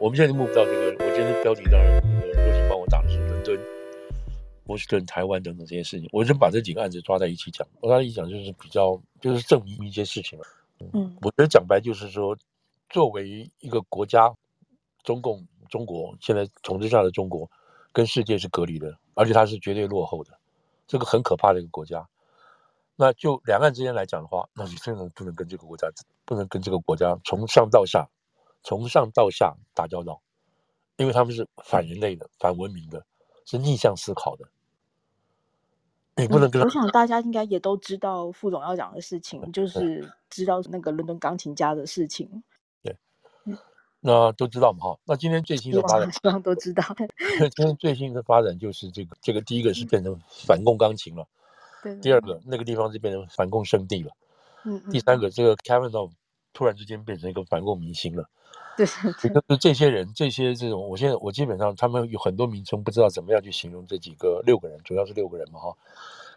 我們現在就目不到這個，我今天標題當然，有人幫我打的是倫敦、波士頓、台灣等等這些事情，我就把這幾個案子抓在一起講。我剛才一講，就是比較，就是證明一件事情了。嗯，我覺得講白就是說，作為一個國家，中共中國現在統治下的中國，跟世界是隔離的，而且它是絕對落後的，這個很可怕的一個國家。那就兩岸之間來講的話，那你真的不能跟這個國家，不能跟這個國家從上到下。從上到下打交道，因為他們是反人類的、反文明的，是逆向思考的。你不能跟、嗯、我想，大家應該也都知道副總要講的事情，嗯、就是知道那個倫敦鋼琴家的事情。對，嗯、那都知道嘛？哈，那今天最新的發展，希望都知道。 今天最新的發展就是這個，這個第一個是變成反共鋼琴了，嗯、對，第二個那個地方就變成反共聖地了，嗯，第三個、嗯、這個 Kavanagh 突然之間變成一個反共明星了，對，對就是這些人，這些這種，我現在我基本上他們有很多名稱，不知道怎麼樣去形容這幾個六個人，主要是六個人嘛哈，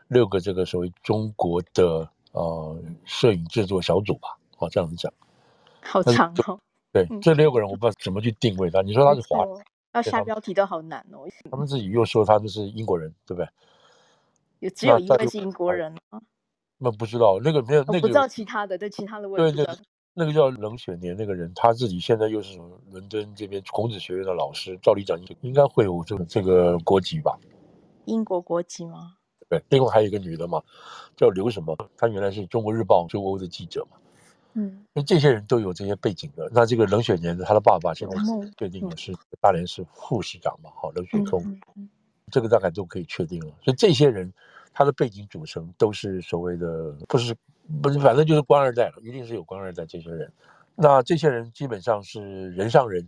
六個這個所謂中國的呃攝影制作小組吧，哦這樣子講，好長哦，對，嗯、這六個人我不知道怎麼去定位他，你說他是華人，要下標題都好難哦他，他們自己又說他就是英國人，對不對？有只有一個是英國人啊，那不知道那個沒、那個、有，哦、我不知道其他的，對其他的問題、啊。對對那個叫冷雪年那個人，他自己現在又是倫敦這邊孔子學院的老師，照理講應該會有這個這個國籍吧？英國國籍嗎？對，另外還有一個女的嘛，叫劉什麼？她原來是中國日報駐歐的記者嘛。嗯，那這些人都有這些背景的。那這個冷雪年的，的他的爸爸現在確定的是大連市副市長嘛？嗯、好，冷雪峰。嗯嗯嗯這個大概都可以確定了。所以這些人他的背景組成都是所謂的不是。不是，反正就是官二代了，一定是有官二代這些人。那這些人基本上是人上人，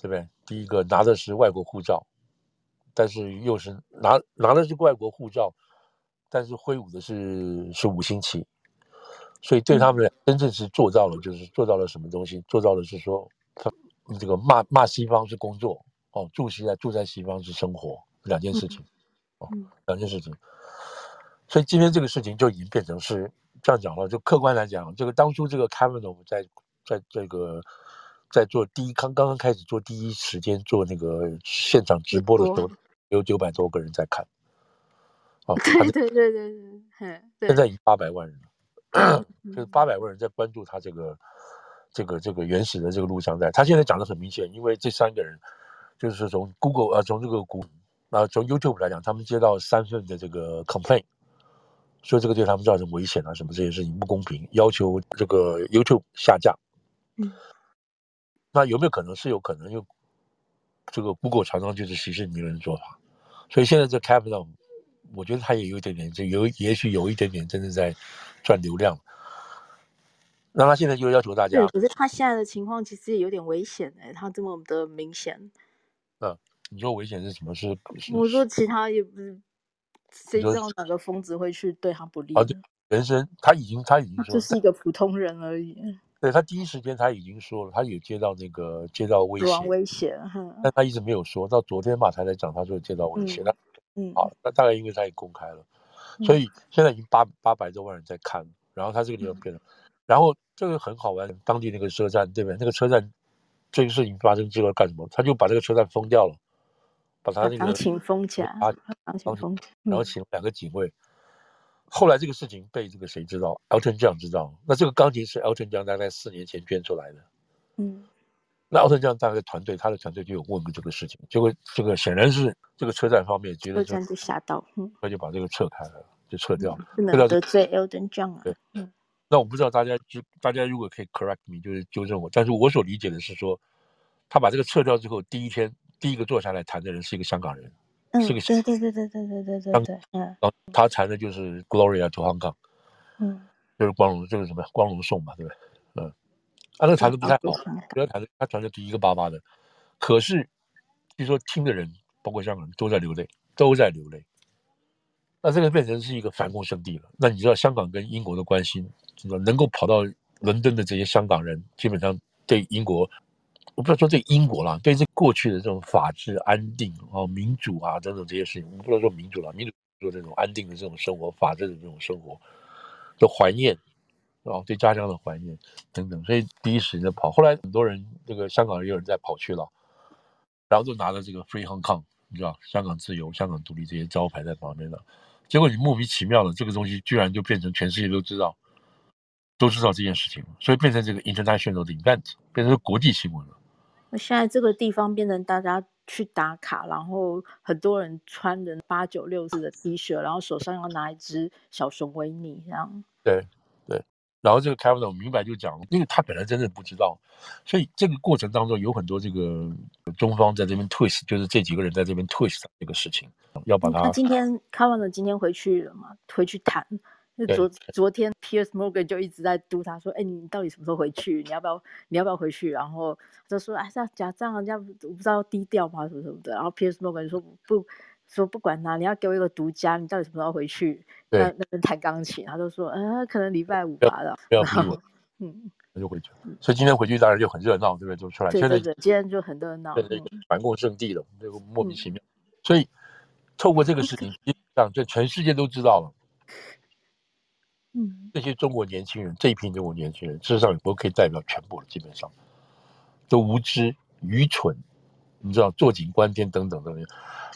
對不對？第一個拿的是外國護照，但是又是拿，拿的是外國護照，但是揮舞的是，是五星旗。所以對他們真正是做到了，就是做到了什麼東西？做到了是說他這個罵，罵西方是工作哦，住西，在住在西方是生活，兩件事情哦，兩件事情。所以今天這個事情就已經變成是這樣講了，就客觀來講，這個當初這個 c a r 呢，我們在在這個在做第一，剛剛剛開始做第一時間做那個現場直播的時候，多有九百多個人在看。哦， 對對對對對，現在已經八百萬人了，對 就是八百萬人在關注他這個、嗯、這個這個原始的這個錄像帶。他現在講的很明顯，因為這三個人就是從 Google 呃，從這個谷，啊、呃，從 YouTube 來講，他們接到三份的這個 complaint。所以這個對他們造成危險啊，什麼這些事情不公平，要求這個 YouTube 下架，嗯，那有沒有可能？是有可能又，這個谷歌常常就是息事寧人的做法，所以現在這 Capital，我覺得他也有一點點，就有也許有一點點真的在賺流量，那他現在就要求大家，是可是他現在的情況其實也有點危險哎、欸，他這麼的明顯，嗯，你說危險是什麼事？是是我說其他也不是。誰知道哪個瘋子會去對他不利？啊，對，人生他已經他已經說了，這是一個普通人而已。對他第一時間他已經說了，他有接到那個接到威脅，威脅，嗯嗯、但他一直沒有說到昨天吧，他才講，他說接到威脅了。嗯那，好，嗯、那大概因為他也公開了，所以現在已經八八百多萬人在看。嗯、然後他這個地方變了，嗯、然後這個很好玩，當地那個車站對不對？那個車站這個事情發生之後幹什麼？他就把這個車站封掉了。把他那個鋼琴封起來，啊，鋼琴封，然後請兩個警衛。嗯、後來這個事情被這個誰知道，Elton John 知道。那這個鋼琴是 Elton John 大概四年前捐出來的，嗯。那 Elton John 大概團隊，他的團隊就有問過這個事情，結果這個顯然是這個車站方面覺得車站是嚇到，他、嗯、就把這個撤開了，就撤掉了。得罪 Elton John 啊，對，嗯。那我不知道大家就大家如果可以 correct me，就是糾正我，但是我所理解的是說，他把這個撤掉之後，第一天。第一個坐下來談的人是一個香港人，嗯，是個香港人，對對對對對對對對對，然後他談的就是《Glory to Hong Kong》，嗯，就是光榮，就是什麼，光榮頌嘛，對不對？嗯，他、啊、那個談的不太好，主、嗯、要談的他談的第一個巴巴的，可是據說聽的人，包括香港人都在流淚，都在流淚。那這個變成是一個反共聖地了。那你知道香港跟英國的關係，什麼能夠跑到倫敦的這些香港人，基本上對英國。我不能說對英國了，對這過去的這種法治、安定、哦民主啊等等這，這些事情，我們不能說民主了，民主做這種安定的這種生活、法治的這種生活的懷念，然、哦、對家鄉的懷念等等，所以第一時間跑。後來很多人，這個香港也有人在跑去了，然後就拿了這個 Free Hong Kong，你知道，香港自由、香港獨立這些招牌在旁邊了。結果你莫名其妙的，這個東西居然就變成全世界都知道，都知道這件事情，所以變成這個 international event，變成國際新聞了。現在這個地方變成大家去打卡，然後很多人穿着八九六字的 T 恤，然後手上要拿一隻小熊維尼這樣。對對，然後這個開 e v 我明白就講，因為他本來真的不知道，所以這個過程當中有很多這個中方在這邊 twist，就是這幾個人在這邊 twist 這個事情，要把它。那今天開 e v 今天回去了嗎？回去談。對昨昨天，Piers Morgan 就一直在嘟，他說：“哎對、欸，你到底什麼時候回去？你要不要你要不要回去？”然後他就說：“哎，是啊，假賬，人家我不知道低調嗎？什麼什麼的。”然後 Piers Morgan 就說：“不，說不管他、啊，你要給我一個獨家，你到底什麼時候回去？對那那彈鋼琴。”他就說：“嗯、呃，可能禮拜五吧。然後”不要逼我，後嗯，他就回去。所以今天回去當然就很熱鬧，對不對？就出來，對對對，今天就很熱鬧，反共聖地了這、那個莫名其妙。嗯、所以透過這個事情，讓、嗯、這就全世界都知道了。嗯，這些中國年輕人，這一批中國年輕人，事實上也不可以代表全部，基本上都無知、愚蠢，你知道坐井觀天等等等等。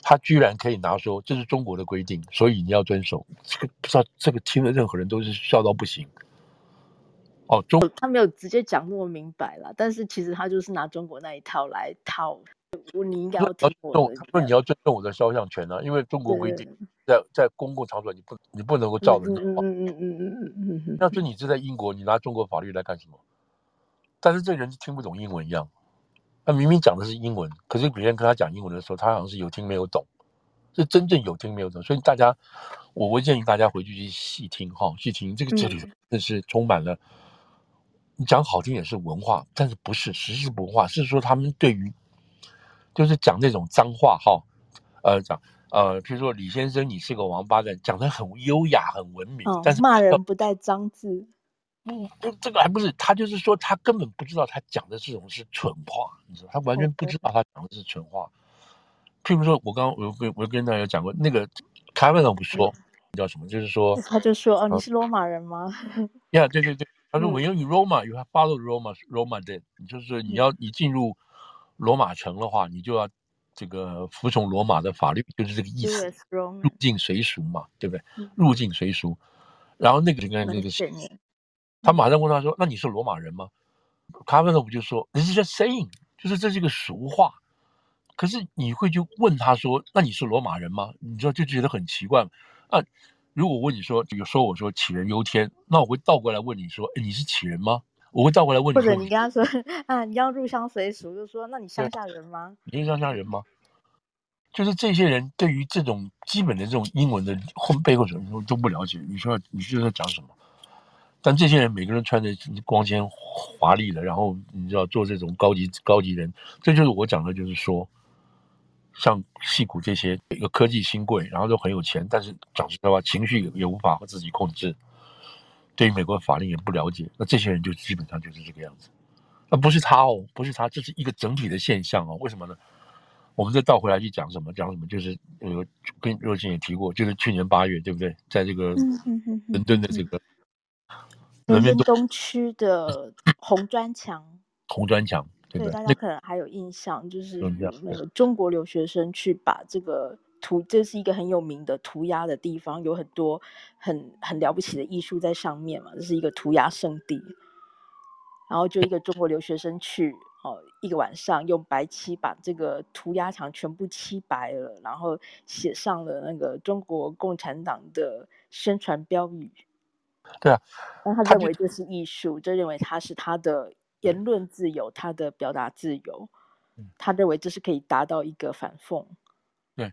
他居然可以拿說這是中國的規定，所以你要遵守。這個不知道這個聽了，任何人都是笑到不行。哦，中他沒有直接講那麼明白啦，但是其實他就是拿中國那一套來套。你應該要尊重，說你要尊重我的肖像權呢、啊？對因為中國規定在，在在公共場所你不你不能夠照的、嗯。嗯嗯嗯嗯嗯嗯嗯。那、嗯、說、嗯、你這在英國，你拿中國法律來幹什麼？但是這人是聽不懂英文一樣。他明明講的是英文，可是別人跟他講英文的時候，他好像是有聽沒有懂，是真正有聽沒有懂。所以大家，我會建議大家回去去細聽哈，細聽這個這裡，真的是充滿了。嗯、你講好聽也是文化，但是不是實質文化？是說他們對於。就是講那種髒話哈，呃講呃，譬如說李先生，你是個王八蛋，講得很優雅、很文明，嗯、但是罵人不帶髒字。不嗯，這個還不是他，就是說他根本不知道他講的這種是蠢話，你知道，他完全不知道他講的是蠢話。Okay. 譬如說，我剛剛我跟我又跟大家講過，那個凱文他們說、嗯、叫什麼，就是說、嗯、他就說哦，啊呃、你是羅馬人嗎？呀 ，Yeah, 對對對，他說我英語羅馬 you follow 羅馬羅馬的，就是說你要、嗯、你進入。羅馬城的話，你就要這個服從羅馬的法律，就是這個意思，is 入境隨俗嘛，對不對？入境隨俗，mm hmm. 然後那個人剛那個是，mm hmm. 他馬上問他說：“那你是羅馬人嗎？” mm hmm. 卡那時不就說：“你是這 saying，就是這是一個俗話。”可是你會去問他說：“那你是羅馬人嗎？”你知道就覺得很奇怪。啊，如果問你說，比如說我說杞人憂天，那我會倒過來問你說：“誒你是杞人嗎？”我會倒過來問你，或者你跟他說啊，你要入鄉隨俗，就說那你鄉下人嗎？你是鄉下人嗎？就是這些人對於這種基本的這種英文的後背後什麼都不了解，你說你是在講什麼？但這些人每個人穿着光鮮華麗的，然後你知道做這種高級高級人，這就是我講的，就是說像矽谷這些一個科技新貴，然後又很有錢，但是講實話，情緒也無法和自己控制。對於美國的法令也不了解，那這些人就基本上就是這個樣子。那、啊、不是他哦，不是他，這、就是一個整體的現象哦。為什麼呢？我們再倒回來去講什麼講什麼，就是呃，跟若靜也提過，就是去年八月，對不對？在這個倫敦的這個、嗯嗯嗯、倫敦東區的紅磚牆， 紅磚牆，對不對？對大家可能還有印象，那就是、呃、中國留學生去把這個。塗這是一個很有名的塗鴉的地方，有很多很很了不起的藝術在上面嘛，這是一個塗鴉聖地。然後就一個中國留學生去，哦，一個晚上用白漆把這個塗鴉牆全部漆白了，然後寫上了那個中國共產黨的宣傳標語。對啊，那他，他認為這是藝術，就認為他是他的言論自由，嗯，他的表達自由。他認為這是可以達到一個反諷。對。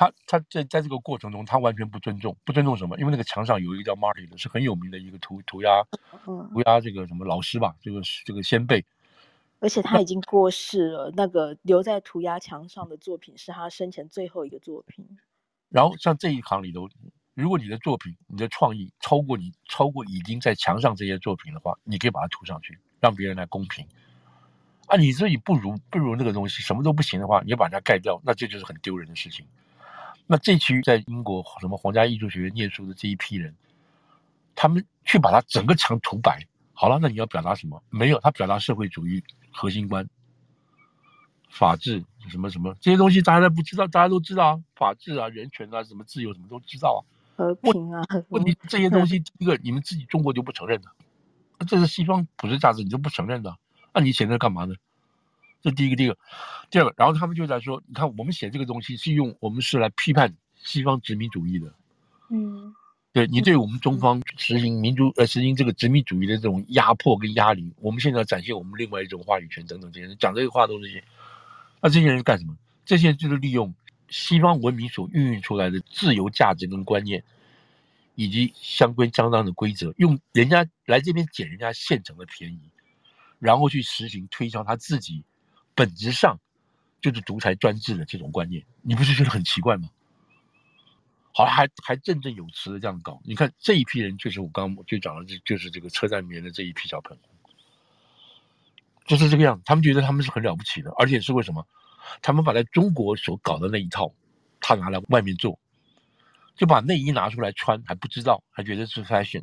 他他在在這個過程中，他完全不尊重，不尊重什麼？因為那個牆上有一個叫 Marty 的，是很有名的一個塗塗鴉，塗鴉這個什麼老師吧，這個這個先輩。而且他已經過世了， 那個留在塗鴉牆上的作品是他生前最後一個作品。然後像這一行裡頭，如果你的作品、你的創意超過你超過已經在牆上這些作品的話，你可以把它塗上去，讓別人來公平。啊，你自己不如不如那個東西，什麼都不行的話，你要把它蓋掉，那這就是很丟人的事情。那這一群在英國什麼皇家藝術學院念書的這一批人，他們去把它整個牆塗白，好了，那你要表達什麼？沒有，他表達社會主義核心觀、法治什麼什麼這些東西，大家都不知道，大家都知道啊，法治啊、人權啊、什麼自由什麼都知道啊。和平啊，問題、啊、這些東西，第一呵個你們自己中國就不承認的，這是西方普世價值，你都不承認的，那、啊、你選那幹嘛呢？這第一個，第一個，第二個，然後他們就在說：“你看，我們寫這個東西是用我們是來批判西方殖民主義的，嗯，對你對我們中方實行民族呃實行這個殖民主義的這種壓迫跟壓力，我們現在要展現我們另外一種話語權等等這些，講這個話都是些。那這些人幹什麼？這些人就是利用西方文明所孕育出來的自由價值跟觀念，以及相關相當的規則，用人家來這邊撿人家現成的便宜，然後去實行推銷他自己。”本質上就是獨裁專制的這種觀念，你不是覺得很奇怪嗎？好，還還振振有詞的這樣搞。你看這一批人，就是我剛剛就講的就就是這個車站裡面的這一批小朋友，就是這個樣，他們覺得他們是很了不起的，而且是為什麼？他們把在中國所搞的那一套，他拿來外面做，就把內衣拿出來穿，還不知道，還覺得是 fashion。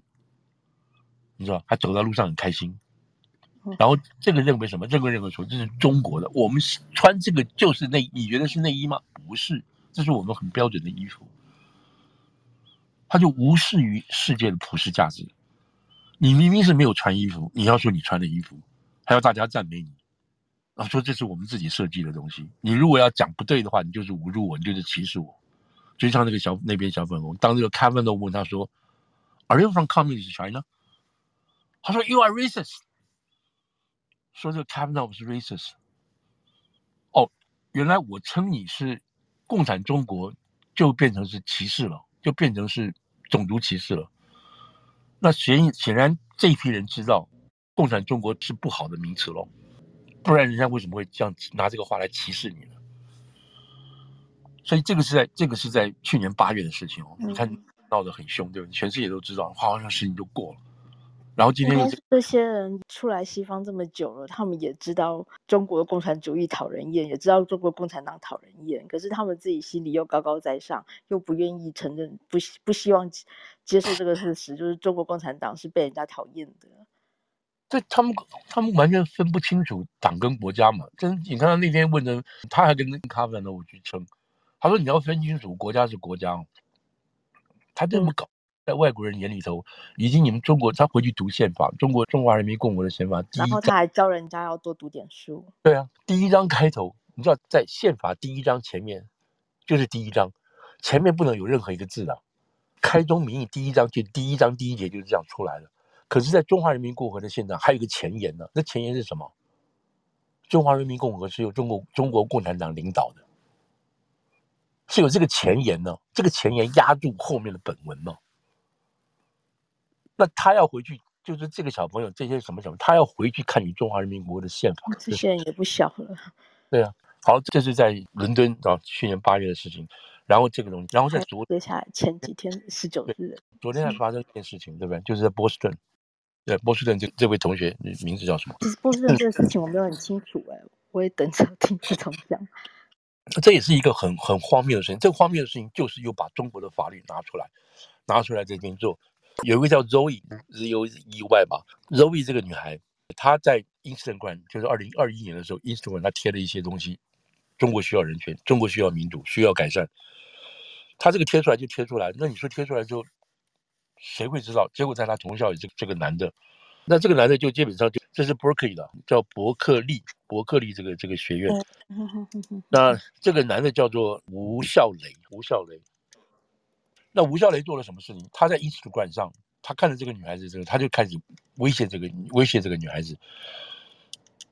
你知道，還走在路上很開心。然後這個認為什麼？這個認為說這是中國的，我們穿這個就是內衣，你覺得是內衣嗎？不是，這是我們很標準的衣服。他就無視於世界的普世價值。你明明是沒有穿衣服，你要說你穿的衣服，還要大家讚美你，啊，說這是我們自己設計的東西。你如果要講不對的話，你就是侮辱我，你就是歧視我。就像那個小那邊小粉紅，當這個 Kevin 都問他說，Are you from communist China？他說 You are racist。說這個 capital of racism 哦，原來我稱你是“共產中國”，就變成是歧視了，就變成是種族歧視了。那顯顯然這一批人知道“共產中國”是不好的名詞嘍，不然人家為什麼會這樣拿這個話來歧視你呢？所以這個是在這個是在去年八月的事情哦。你看鬧得很凶，對吧？全世界都知道，好，這事情就過了。然後今天這些人出來西方這麼久了，他們也知道中國共產主義討人厭，也知道中國共產黨討人厭。可是他們自己心裡又高高在上，又不願意承認，不不希望接受這個事實，就是中國共產黨是被人家討厭的。對他們他們完全分不清楚黨跟國家嘛。真你看他那天問的，他還跟，跟卡粉的我去稱，他說你要分清楚國家是國家，他這麼搞。嗯在外國人眼裡頭，以及你們中國，他回去讀憲法，中國《中華人民共和國的憲法》然後他還教人家要多讀點書。對啊，第一章開頭，你知道在憲法第一章前面就是第一章，前面不能有任何一個字的、啊。開宗明義，第一章就第一章第一節就是這樣出來的。可是，在《中華人民共和國的憲法》還有個前言呢、啊，那前言是什麼？中華人民共和國是由中國中國共產黨領導的，是有這個前言呢？這個前言壓住後面的本文呢？那他要回去，就是這個小朋友，這些什麼什麼，他要回去看你中華人民共和國的憲法。就是、這些人也不小了。對啊，好，這是在倫敦啊，去年八月的事情。然後這個東西，然後在昨接下來前幾天，十九日，昨天還發生一件事情，嗯、對不對？就是在波士頓，對波士頓這這位同學，你名字叫什麼？就是波士頓這個事情我沒有很清楚哎、欸， 我也等着聽你怎麼講。這也是一個很很荒謬的事情。這個荒謬的事情就是又把中國的法律拿出來，拿出來這邊做。有一個叫 Zoe，Z O E Y 吧。Mm hmm. Zoe 這個女孩，她在 Instagram，就是二零二一年的時候，Instagram 她貼了一些東西。中國需要人權，中國需要民主，需要改善。她這個貼出來就貼出來，那你說貼出來之後，誰會知道？結果在她同校有這個這個男的，那這個男的就基本上就這是 Berkeley 的，叫伯克利伯克利這個這個學院。 那這個男的叫做吳孝雷，吳孝雷。那吳孝雷做了什麼事情？他在 Instagram 上，他看着這個女孩子，這個他就開始威脅這個威脅這個女孩子，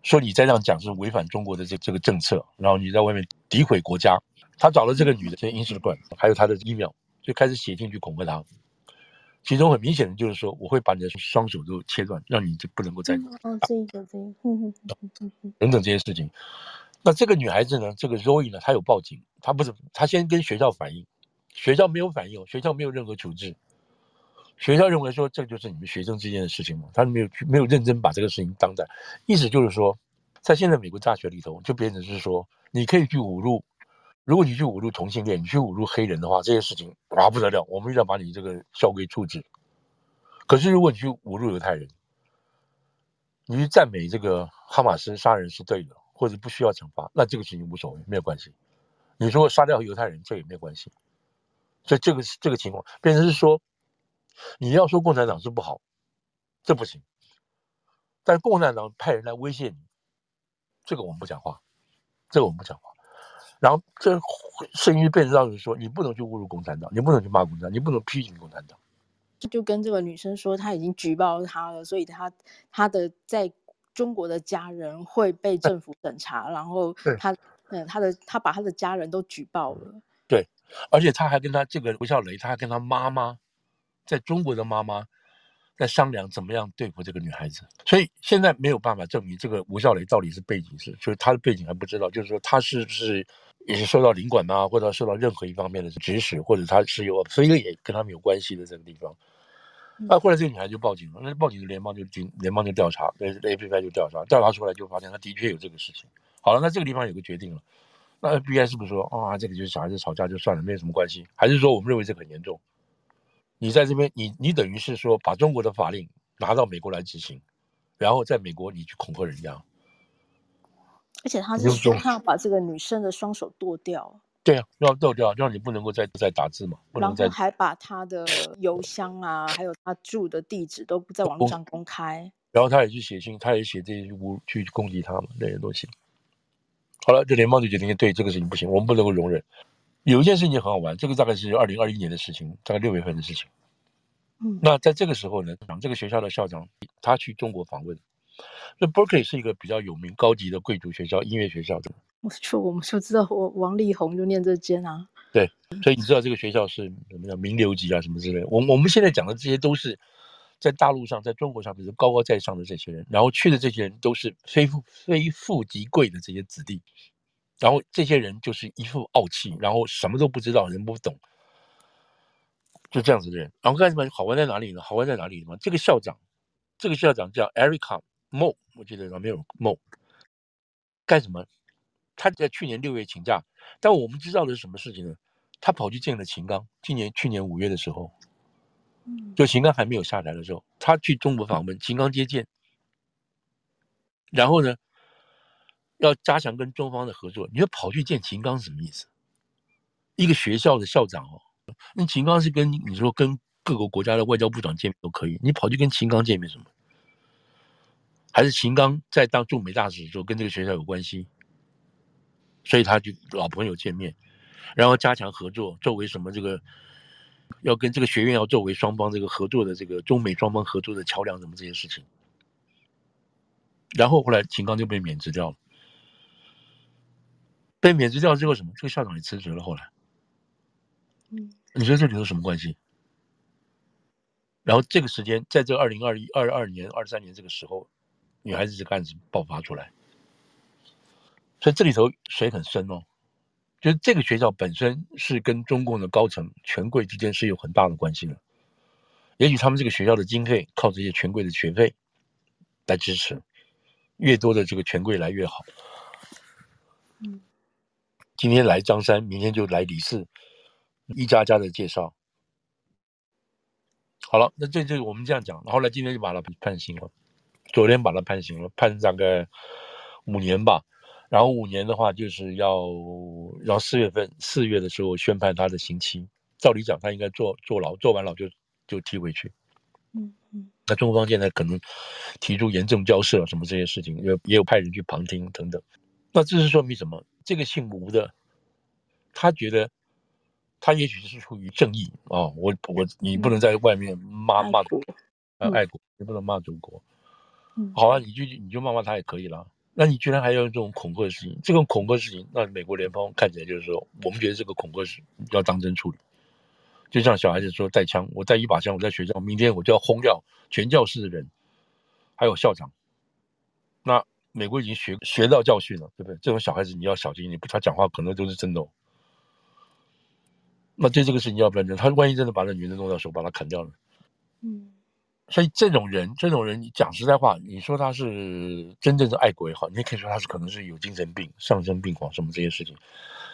說你再這樣講是違反中國的這這個政策，然後你在外面詆毀國家。他找了這個女的在 Instagram，還有她的 email，就開始寫信去恐嚇她。其中很明顯的就是說，我會把你的雙手都切斷，讓你就不能夠再……哦、嗯，這一個。這一、嗯、等等這些事情。那這個女孩子呢，這個 Roy 呢，她有報警，她不是，她先跟學校反映。學校沒有反應，學校沒有任何處置。學校認為說這就是你們學生之間的事情嘛，他們沒有去沒有認真把這個事情當在，意思就是說，在現在美國大學裡頭，就變成是說，你可以去侮辱，如果你去侮辱同性戀，你去侮辱黑人的話，這些事情啊，不得了，我們一定要把你這個校規處置。可是如果你去侮辱猶太人，你去讚美這個哈馬斯殺人是對的，或者不需要懲罰，那這個事情無所謂，沒有關係。你如果殺掉猶太人，這也沒有關係。所以這個是這個情況，變成是說，你要說共產黨是不好，這不行。但共產黨派人來威脅你，這個我們不講話，這個我們不講話。然後這聲音變成是說，你不能去侮辱共產黨，你不能去罵共產黨，你不能批評共產黨。他就跟這個女生說，她已經舉報他了，所以他他的在中國的家人會被政府審查，然後他嗯，他、嗯、的他把他的家人都舉報了。對，而且他還跟他這個吳嘯雷，他還跟他媽媽，在中國的媽媽，在商量，怎麼樣對付這個女孩子。所以現在沒有辦法證明這個吳嘯雷到底是背景是，就是他的背景還不知道，就是說他是不是也是受到領館的啊，或者受到任何一方面的指使，或者他是有所以也跟他們有關係的這個地方。啊，後來這個女孩就報警了，那報警，就聯邦就警，聯邦就調查，A A P p 就調查，調查出來就發現他的確有這個事情。好了，那這個地方有個決定了。那 FBI 是不是說啊，這個就是小孩子吵架就算了，沒有什麼關係？還是說我們認為這個很嚴重？你在這邊，你你等於是說把中國的法令拿到美國來執行，然後在美國你去恐嚇人家？而且他是說他要把這個女生的雙手剁掉。對啊，要剁掉，讓你不能夠再再打字嘛，然後還把他的郵箱啊，還有他住的地址都不在網上公開。然後他也去寫信，他也寫這些去攻擊他嘛，這些東西。好了，這聯邦就決定對這個事情不行，我們不能夠容忍。有一件事情很好玩，這個大概是二零二一年的事情，大概六月份的事情。嗯，那在這個時候呢，講這個學校的校長他去中國訪問。那伯克利是一個比較有名、高級的貴族學校，音樂學校的。我說，我們是不是知道王王力宏就念這間啊？對，所以你知道這個學校是什麼叫名流級啊，什麼之類的。我我們現在講的這些都是。在大陸上，在中國上，比如，高高在上的這些人，然後去的這些人都是非富非富即貴的這些子弟，然後這些人就是一副傲氣，然後什麼都不知道，人不懂，就這樣子的人。然後幹什麼？好玩在哪裡呢？好玩在哪裡呢？這個校長，這個校長叫 Erica Mo，我記得上沒有 Mo。幹什麼？他在去年六月請假，但我們知道的是什麼事情呢？他跑去見了秦剛，今年去年五月的時候。就秦剛還沒有下台的時候，他去中國訪問，秦剛接見。然後呢，要加強跟中方的合作，你說跑去見秦剛什麼意思？一個學校的校長哦，那秦剛是跟你說跟各個國家的外交部長見面都可以，你跑去跟秦剛見面什麼？還是秦剛在當駐美大使的時候跟這個學校有關係，所以他就老朋友見面，然後加強合作，作為什麼這個？要跟這個學院要作為雙方這個合作的這個中美雙方合作的橋樑，什麼這些事情。然後後來秦剛就被免職掉了，被免職掉之後什麼，這個校長也辭職了。後來，嗯，你說這裡頭什麼關係？然後這個時間，在這個二零二一、二二年、二三年這個時候，女孩子這個案子爆發出來，所以這裡頭水很深哦。就是這個學校本身是跟中共的高層權貴之間是有很大的關係的，也許他們這個學校的經費靠這些權貴的學費來支持，越多的這個權貴來越好。今天來張三，明天就來李四，一家家的介紹。好了，那這這個我們這樣講。後來今天就把他判刑了，昨天把他判刑了，判了大概五年吧。然後五年的話，就是要，然後四月份四月的時候宣判他的刑期。照理講，他應該坐坐牢，坐完牢就就踢回去。嗯嗯。那中方現在可能提出嚴正交涉什麼這些事情，也也有派人去旁聽等等。那這是說明什麼？這個姓吳的，他覺得他也許是出於正義啊、哦。我我你不能在外面罵、嗯、罵、愛、嗯、國、嗯、國你不能罵祖國。嗯。好啊，你就你就罵罵他也可以了。那你居然還要用這種恐嚇的事情，這種恐嚇事情，那美國聯邦看起來就是說，我們覺得這個恐嚇是要當真處理。就像小孩子說帶槍，我帶一把槍，我在學校，明天我就要轟掉全教室的人，還有校長。那美國已經學學到教訓了，對不對？這種小孩子你要小心，你不他講話可能都是真的。那對這個事情，要不然真他萬一真的把那女的弄到手，把他砍掉了？嗯。所以這種人，這種人你講實在話，你說他是真正的愛國也好，你也可以說他是可能是有精神病、喪心病狂什麼這些事情。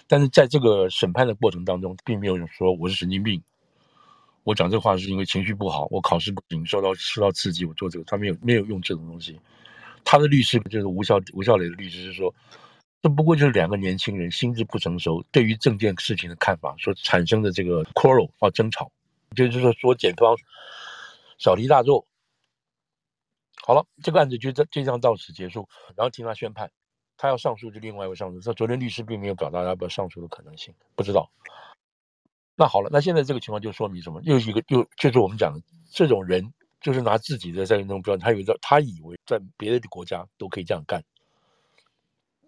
但是在這個審判的過程當中，並沒有人說我是神經病。我講這話是因為情緒不好，我考試不行受到受到刺激，我做這個，他沒有沒有用這種東西。他的律師就是吳孝吳孝磊的律師，是說這不過就是兩個年輕人心智不成熟，對於這件事情的看法所產生的這個 quarrel 和爭吵，就是說說檢方。小題大做。好了，這個案子就這，就這樣到此結束。然後聽他宣判，他要上訴就另外一位上訴。他昨天律師並沒有表達他要不要上訴的可能性，不知道。那好了，那現在這個情況就說明什麼？又一個又就是我們講的這種人，就是拿自己的三分鐘標準，他以為他以為在別的國家都可以這樣幹，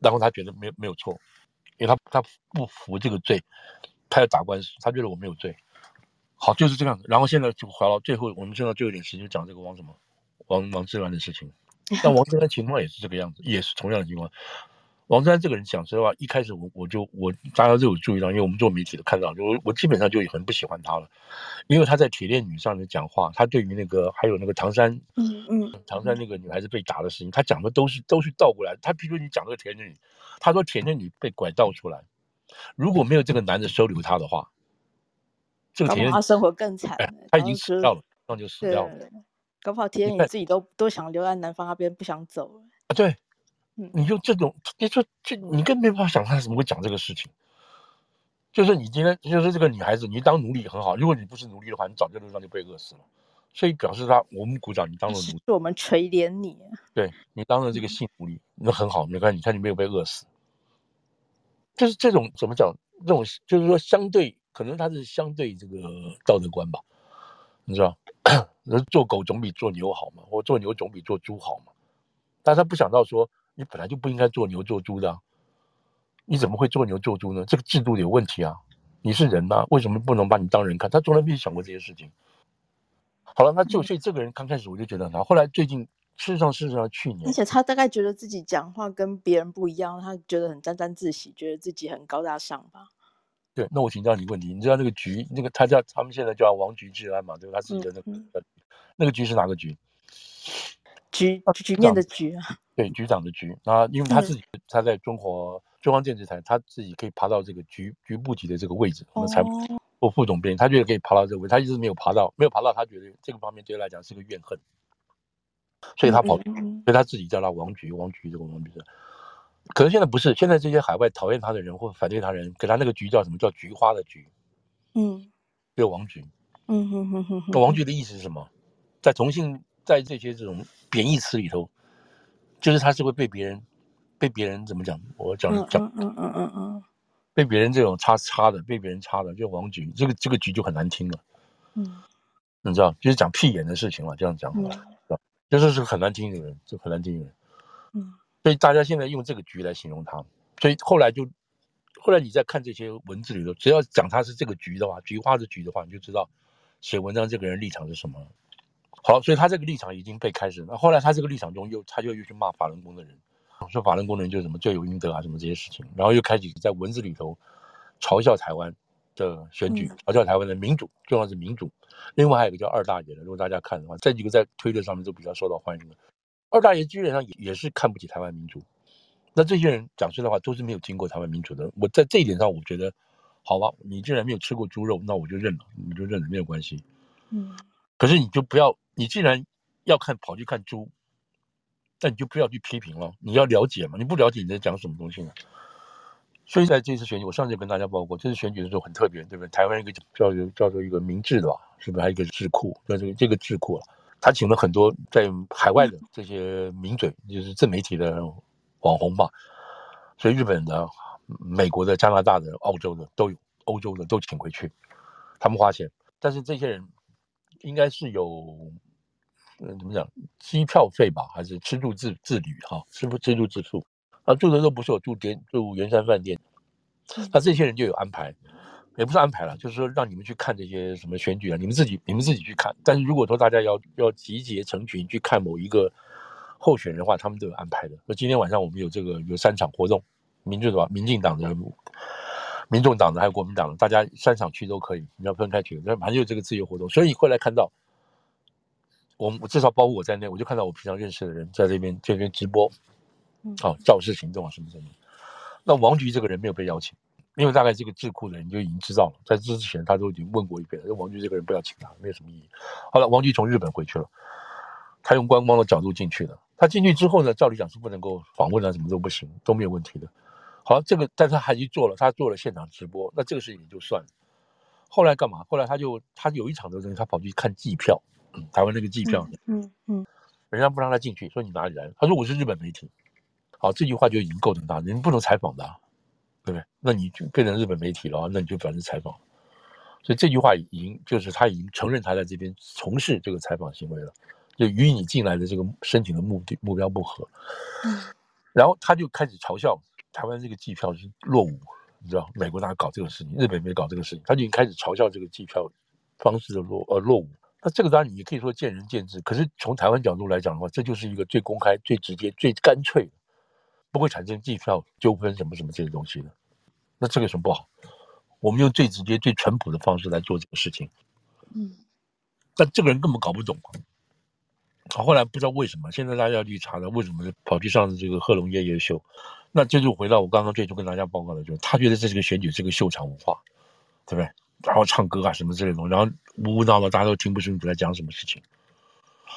然後他覺得沒沒有錯，因為他他不服這個罪，他要打官司，他覺得我沒有罪。好，就是這樣。然後現在就回到最後，我們現在最後一點時間講這個王什麼，王王志安的事情。那王志安情況也是這個樣子，也是同樣的情況。王志安這個人講實話，一開始我我就我大家都有注意到，因為我們做媒體的看到，就我我基本上就很不喜歡他了，因為他在鐵鏈女上面講話，他對於那個還有那個唐山，嗯，嗯嗯，唐山那個女孩子被打的事情，他講的都是都是倒過來。他比如你講這個鐵鏈女，他說鐵鏈女被拐倒出來，如果沒有這個男的收留她的話。這個生活更慘，哎，他已經死掉了，那就死掉了。搞不好體驗你自己都看都想留在南方那邊，不想走了，欸。啊，對，你就這種，你說這，你更沒辦法想他為什麼會講這個事情。嗯、就是你今天，就是這個女孩子，你當奴隸很好。如果你不是奴隸的話，你早就路上就被餓死了。所以表示他，我們鼓掌，你當了奴隸，是我們垂憐你，啊。對你當了這個性奴隸，你說很好，沒關係，你看你沒有被餓死。就是這種怎麼講？這種就是說相對。可能他是相對這個道德觀吧，你知道， 做狗總比做牛好嘛，或做牛總比做豬好嘛，但是他不想到說你本來就不應該做牛做豬的、啊，你怎麼會做牛做豬呢？嗯、這個制度有問題啊！你是人嗎，為什麼不能把你當人看？嗯、他從來沒有想過這些事情。好了，那就所以這個人剛開始我就覺得他，嗯、後來最近事實上事實上去年，而且他大概覺得自己講話跟別人不一樣，嗯、他覺得很沾沾自喜，覺得自己很高大上吧。對，那我請教你一個問題，你知道那個局，那個他叫他們現在叫王局志安嘛？就是他自己的那個、嗯嗯、那個局是哪個局？局，局面的局。對，局長的局。那因為他自己，嗯、他在中國中央電視台，他自己可以爬到這個局局部級的這個位置，哦、我們才副副總編，他覺得可以爬到這個位，他一直沒有爬到，沒有爬到，他覺得這個方面對他來講是個怨恨，所以他跑，嗯嗯、所以他自己叫他王局，王局這個王局長。可是現在不是，現在這些海外討厭他的人或反對他人，給他那個局叫什麼？叫菊花的菊。嗯，就王菊，嗯哼哼哼、哼。王菊的意思是什麼？在重慶，在這些這種貶義詞裡頭，就是他是會被別人，被別人怎麼講？我講講嗯嗯嗯嗯、嗯被別人這種插插的，被別人插的就王菊，這個這個菊就很難聽了，嗯，你知道，就是講屁眼的事情嘛，這樣講是吧、嗯？就是是個很難聽的人，就很難聽的人。所以大家現在用這個“局”來形容他，所以後來就，後來你再看這些文字裡頭，只要講他是這個“局”的話，菊花的“菊”的話，你就知道寫文章這個人立場是什麼。好，所以他這個立場已經被開始。那後來他這個立場中又，他就又去罵法輪功的人，說法輪功的人就什麼罪有應得啊，什麼這些事情。然後又開始在文字裡頭嘲笑台灣的選舉，嗯，嘲笑台灣的民主，重要是民主。另外還有一個叫二大爺的，如果大家看的話，這幾個在推特上面都比較受到歡迎的。二大爺基本上也也是看不起台灣民主，那這些人講出來的話都是沒有聽過台灣民主的。我在這一點上，我覺得，好吧，你既然沒有吃過豬肉，那我就認了，你就認了，沒有關係。嗯。可是你就不要，你既然要看跑去看豬，那你就不要去批評了。你要了解嘛，你不了解你在講什麼東西呢？所以在這次選舉，我上次跟大家報過，這次選舉的時候很特別，對不對？台灣一個叫做叫做一個明智的吧，是不是還有一個智庫？叫做這個智庫啊。他請了很多在海外的這些名嘴，就是自媒體的網紅吧，所以日本的、美國的、加拿大的、澳洲的都有，歐洲的都請回去，他們花錢。但是這些人應該是有，嗯、呃，怎麼講，機票費吧，還是吃住自自理哈、啊，吃不吃住自付。啊，住的都不是我住店住圓山飯店，那這些人就有安排。也不是安排了，就是說讓你們去看這些什麼選舉啊，你們自己你們自己去看。但是如果說大家要要集結成群去看某一個候選人的話，他們都有安排的。說今天晚上我們有這個有三場活動，民主的吧、民進黨的、民眾黨的還有國民黨的，大家三場去都可以。你要分開去，反正有這個自由活動。所以你會來看到我，我至少包括我在內，我就看到我平常認識的人在這邊這邊直播，好、哦、造勢行動啊什麼什麼。那王局這個人沒有被邀請。因為大概這個智庫的人就已經知道了，在之前他都已經問過一遍了。王局這個人不要請他，沒有什麼意義。後來王局從日本回去了，他用觀光、光的角度進去了。他進去之後呢，照理講是不能夠訪問啊，什麼都不行，都沒有問題的。好，這個但是他還去做了，他做了現場直播。那這個事情也就算了。後來幹嘛？後來他就他有一場的人他跑去看計票，嗯，台灣那個計票嗯、嗯人家不讓他進去，說你哪裡來？他說我是日本媒體。好，這句話就已經構成他，你不能採訪的、啊。對不對？那你就變成日本媒體了啊？那你就表示採訪，所以這句話已經就是他已經承認他在這邊從事這個採訪行為了，就與你進來的這個申請的目的目標不合。然後他就開始嘲笑台灣這個計票是落伍，你知道美國哪搞這個事情，日本沒搞這個事情，他就已經開始嘲笑這個計票方式的落呃落伍。那這個當然你也可以說見仁見智，可是從台灣角度來講的話，這就是一個最公開、最直接、最乾脆。不會產生計票糾紛什麼什麼這些東西的，那這個有什麼不好？我們用最直接、最淳樸的方式來做這個事情。嗯，但這個人根本搞不懂。他後來不知道為什麼，現在大家去查了，為什麼跑去上這個賀瓏夜夜秀？那這就回到我剛剛最初跟大家報告的，就是他覺得這是個選舉，是個秀場文化，對不對？然後唱歌啊什麼之類的，然後嗚嗚鬧鬧，大家都聽不清楚在講什麼事情，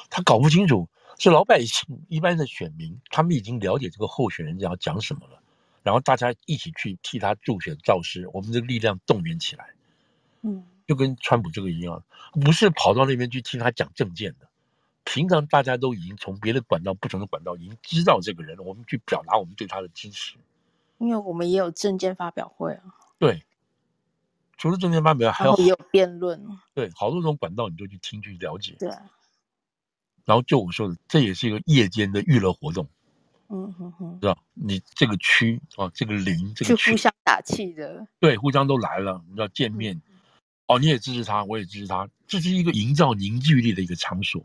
他搞不清楚。是老百姓一般的選民，他們已經了解這個候選人要講什麼了，然後大家一起去替他助選造勢，我們這個力量動員起來，嗯，就跟川普這個一樣，不是跑到那邊去聽他講政見的，平常大家都已經從別的管道、不同的管道已經知道這個人了，我們去表達我們對他的支持，因為我們也有政見發表會啊，對，除了政見發表還有也有辯論，對，好多種管道你就去聽去了解，對。然後就我說的，這也是一個夜間的娛樂活動，嗯哼哼，是吧？你這個區啊、哦，這個林，這個區就互相打氣的，對，互相都來了，你知道見面，嗯、哼哦，你也支持他，我也支持他，這是一個營造凝聚力的一個場所。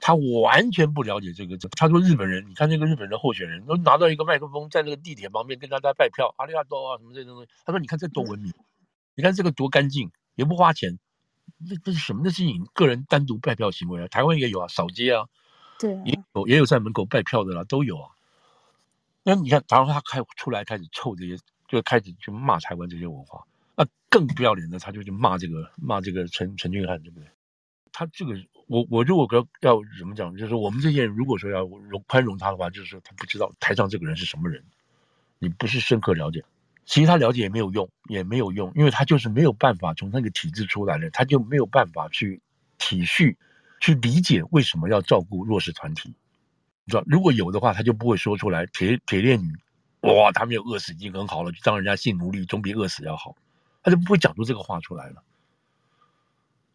他我完全不了解這個，他說日本人，你看那個日本的候選人，都拿到一個麥克風，在那個地鐵旁邊跟大家拜票，阿里阿多啊什麼這種東西，他說你看這多文明，嗯、你看這個多乾淨，也不花錢。那那是什麼？那是你個人單獨拜票行為啊！台灣也有啊，掃街啊，對啊，也有也有在門口拜票的啦，都有啊。那你看，假如他開出來開始臭這些，就開始就罵台灣這些文化，那、啊、更不要臉的，他就去罵這個罵這個陳陳俊翰，對不對？他這個，我我如果要要怎麼講，就是我們這些人如果說要容寬容他的話，就是他不知道台上這個人是什麼人，你不是深刻了解。其實他了解也沒有用，也沒有用，因為他就是沒有辦法從那個體制出來的，他就沒有辦法去體恤、去理解為什麼要照顧弱勢團體，你知道？如果有的話，他就不會說出來。鐵鐵鏈女，哇，他沒有餓死已經很好了，去當人家性奴隸總比餓死要好，他就不會講出這個話出來了。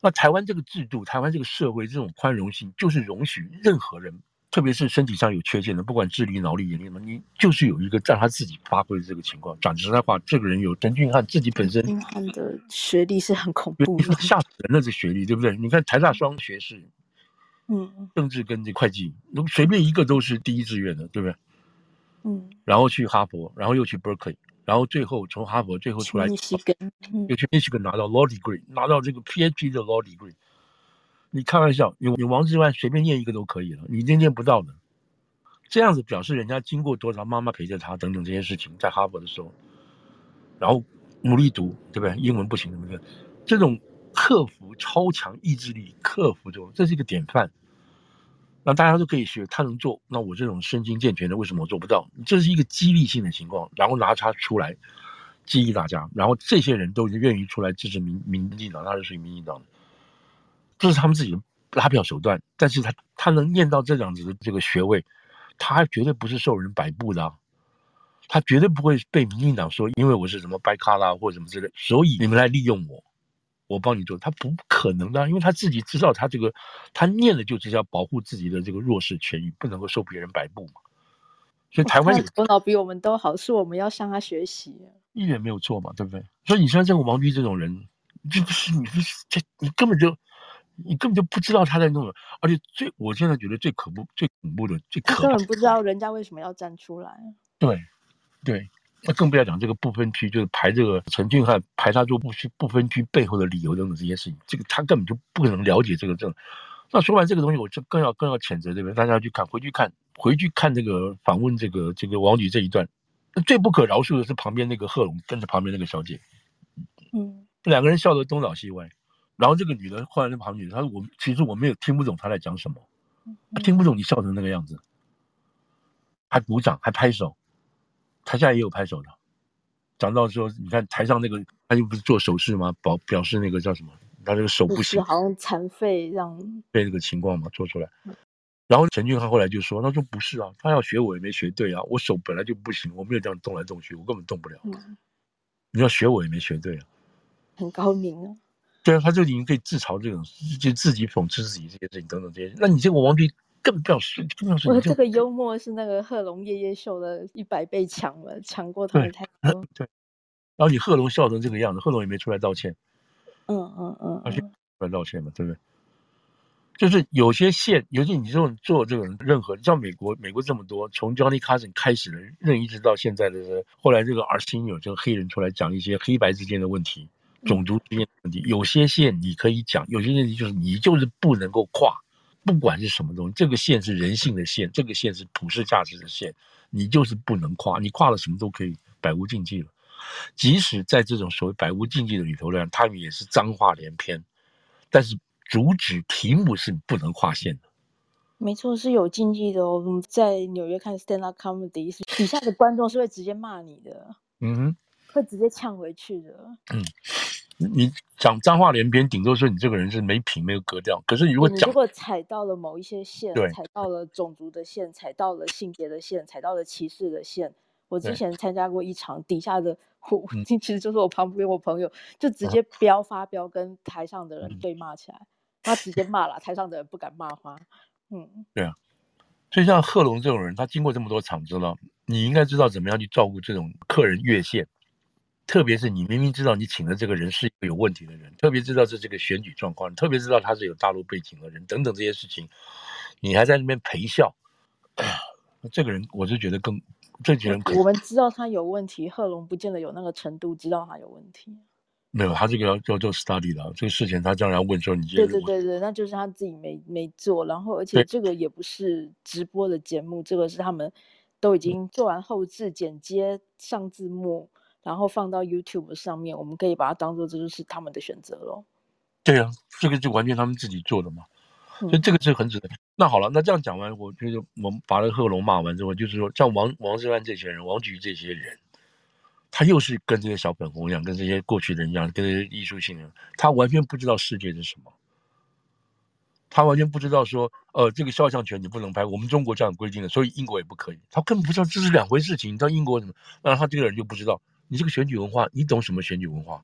那台灣這個制度，台灣這個社會這種寬容性，就是容許任何人。特別是身體上有缺陷的，不管智力、腦力、眼力什麼，你就是有一個在他自己發揮的這個情況。講實在話，這個人有陳俊漢自己本身，俊漢的學歷是很恐怖的，嚇死人了這學歷，對不對？你看台大雙學士，嗯，政治跟這會計，隨便一個都是第一志願的，對不對？嗯，然後去哈佛，然後又去 b e r k l e y 然後最後從哈佛最後出來，去嗯、又去 m 去 c h i g 西根拿到 l a u d r degree，拿到這個 PhD 的 l a u d r degree。你開玩笑，你你王志安隨便念一個都可以了，你念念不到的，這樣子表示人家經過多少媽媽陪着他等等這些事情，在哈佛的時候，然後努力讀，對不對？英文不行，對不對？這種克服超強意志力，克服就，這是一個典範。那大家都可以學，他能做，那我這種身心健全的為什麼我做不到？這是一個激勵性的情況，然後拿他出來激勵大家，然後這些人都願意出來支持民民進黨，他是屬於民進黨的。這是他們自己的拉票手段，但是他他能念到這樣子的這個學位，他絕對不是受人擺布的、啊，他絕對不會被民進黨說，因為我是什麼白卡拉或什麼之類，所以你們來利用我，我幫你做，他不可能的、啊，因為他自己知道，他這個他念的就是要保護自己的這個弱勢權益，不能夠受別人擺布嘛。所以台灣人頭腦比我們都好，是我們要向他學習、啊。一點沒有錯嘛，對不對？所以你像這個王軍這種人，這不是你不是這，你根本就。你根本就不知道他在弄什麼，而且最我現在覺得最可怖、最恐怖的、最可……根本不知道人家為什麼要站出來。對，對，那更不要講這個不分區，就是排這個陳俊翰排他就不區不分區背後的理由等等這些事情，這個他根本就不可能了解這個證。那說完這個東西，我就更要更要譴責這邊，大家要去看，回去看，回去看這個訪問這個這個王女這一段。最不可饒恕的是旁邊那個賀瓏跟着旁邊那個小姐，嗯，兩個人笑得東倒西歪。然後這個女的，後來那個旁女的，她說我其實我沒有聽不懂她在講什麼，她聽不懂你笑成那個樣子，還鼓掌還拍手，台下也有拍手的，講到說你看台上那個，她又不是做手勢嗎？表表示那個叫什麼？她這個手不行，好像殘廢讓被這個情況嘛做出來。然後陳俊翰後來就說，他說不是啊，他要學我也沒學對啊，我手本來就不行，我沒有這樣動來動去，我根本動不了。你要學我也沒學對啊，很高明啊。對啊，他就已經可以自嘲這種，就自己諷刺自己這些事情等等這些。那你這個王俊更不要說，更不要說。這個幽默是那個賀瓏夜夜秀的一百倍強了，強過他們太多。對。然後你賀瓏笑成這個樣子，賀瓏也沒出來道歉。嗯嗯嗯。嗯嗯而且出來道歉嘛，對不對？就是有些線，尤其你這種做這種任何像美國，美國這麼多，從 Johnny Carson 開始的，任意直到現在的，後來這個 Arsenio 這個黑人出來講一些黑白之間的問題。種族之間的問題，有些線你可以講，有些問題就是你就是不能夠跨。不管是什麼東西，這個線是人性的線，這個線是普世價值的線，你就是不能跨。你跨了什麼都可以，百無禁忌了。即使在這種所謂百無禁忌的裡頭呢，他們也是髒話連篇。但是主旨題目是不能跨線的。沒錯，是有禁忌的哦。我們在紐約看 Stand Up Comedy，底下的觀眾是會直接罵你的。 嗯。會直接嗆回去的。嗯，你講髒話連篇，頂多說你這個人是沒品、沒有格調。可是如果講，你如果踩到了某一些線，對踩到了種族的線，踩到了性別的線，踩到了歧視的線，我之前參加過一場，對底下的我，嗯、其實就是我旁邊我朋友、嗯、就直接飆發飆，跟台上的人對罵起來，嗯、他直接罵了， 台上的人不敢罵他。嗯，對啊，所以像賀龍這種人，他經過這麼多場子了，你應該知道怎麼樣去照顧這種客人越線。特別是你明明知道你請的這個人是一個有問題的人，特別知道是這個選舉狀況，特別知道他是有大陸背景的人，等等這些事情，你還在那邊陪笑，這個人我就覺得更，這幾個人。我們知道他有問題，賀瓏不見得有那個程度知道他有問題。沒有，他這個要要做，做 study 的啊，這個事情他將來要問說你問。對對對對，那就是他自己沒沒做，然後而且這個也不是直播的節目，對這個是他們都已經做完後製剪接上字幕。嗯然後放到 YouTube 上面，我們可以把它當做這就是他們的選擇了。對啊，這個就完全他們自己做的嘛，嗯、所以這個是很值得。那好了，那這樣講完，我覺得我們把那個賀龍罵完之後，就是說像王王志安這些人、王菊這些人，他又是跟這些小粉紅一樣，跟這些過去的人一樣，跟這些藝術性的人，他完全不知道世界是什麼，他完全不知道說，呃，這個肖像權你不能拍，我們中國這樣規定的，所以英國也不可以，他根本不知道這是兩回事情，你知道英國怎麼？那他這個人就不知道。你這個選舉文化，你懂什麼選舉文化？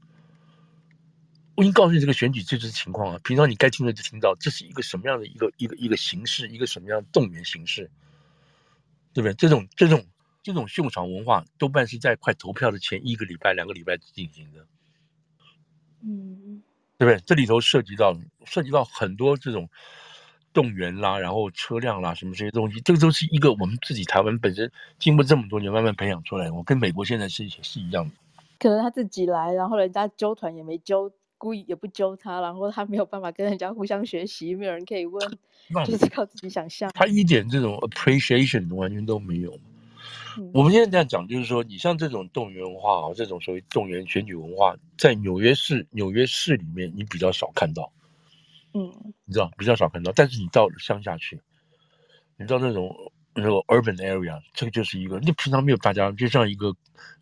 我已經告訴你，這個選舉這就是情況啊。平常你該聽的就聽到，這是一個什麼樣的一個一個一個形式，一個什麼樣的動員形式，對不對？這種這種這種秀場文化多半是在快投票的前一個禮拜、兩個禮拜進行的，嗯，對不對？這裡頭涉及到涉及到很多這種。動員啦，然後車輛啦，什麼這些東西，這個都是一個我們自己台灣本身經過這麼多年慢慢培養出來的。我跟美國現在是是一樣的，可能他自己來，然後人家揪團也沒揪，故意也不揪他，然後他沒有辦法跟人家互相學習，沒有人可以問， 就是靠自己想象。他一點這種 appreciation 完全都沒有。嗯、我們現在這樣講，就是說，你像這種動員文化啊，這種所謂動員選舉文化，在紐約市，紐約市裡面你比較少看到。嗯，你知道比較少看到，但是你到鄉下去，你到那種那種、個、urban area，這個就是一個，你平常沒有大家就像一個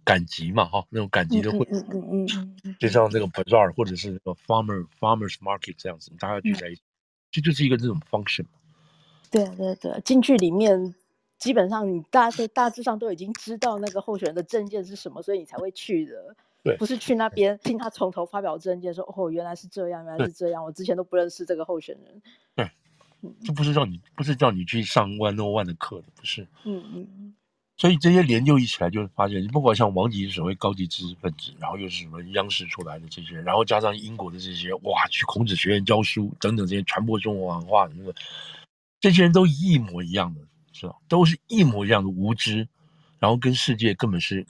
趕集嘛哈、哦，那種趕集的會，嗯嗯嗯，嗯嗯嗯嗯就像這個 bazaar 或者是那個 farmer,、嗯、farmer farmers market 這樣子，你大家聚在一起，這、嗯、就，就是一個這種 function。對對對，進去裡面基本上你大是大致上都已經知道那個候選人的政見是什麼，所以你才會去的。對，不是去那邊聽他從頭發表政見說，說對哦原來是這樣，原來是這樣，對我之前都不認識這個候選人。對，就、嗯、不是叫你，不是叫你去上 one on one 的課的，不是。嗯嗯。嗯所以這些連就一起來，就是發現，你不管像王志所謂高級知識分子，然後又是什麼央視出來的這些人，然後加上英國的這些，哇，去孔子學院教書，等等這些傳播中國文，文化，的那個。這些人都一模一樣的，是吧？都是一模一樣的無知，然後跟世界根本是，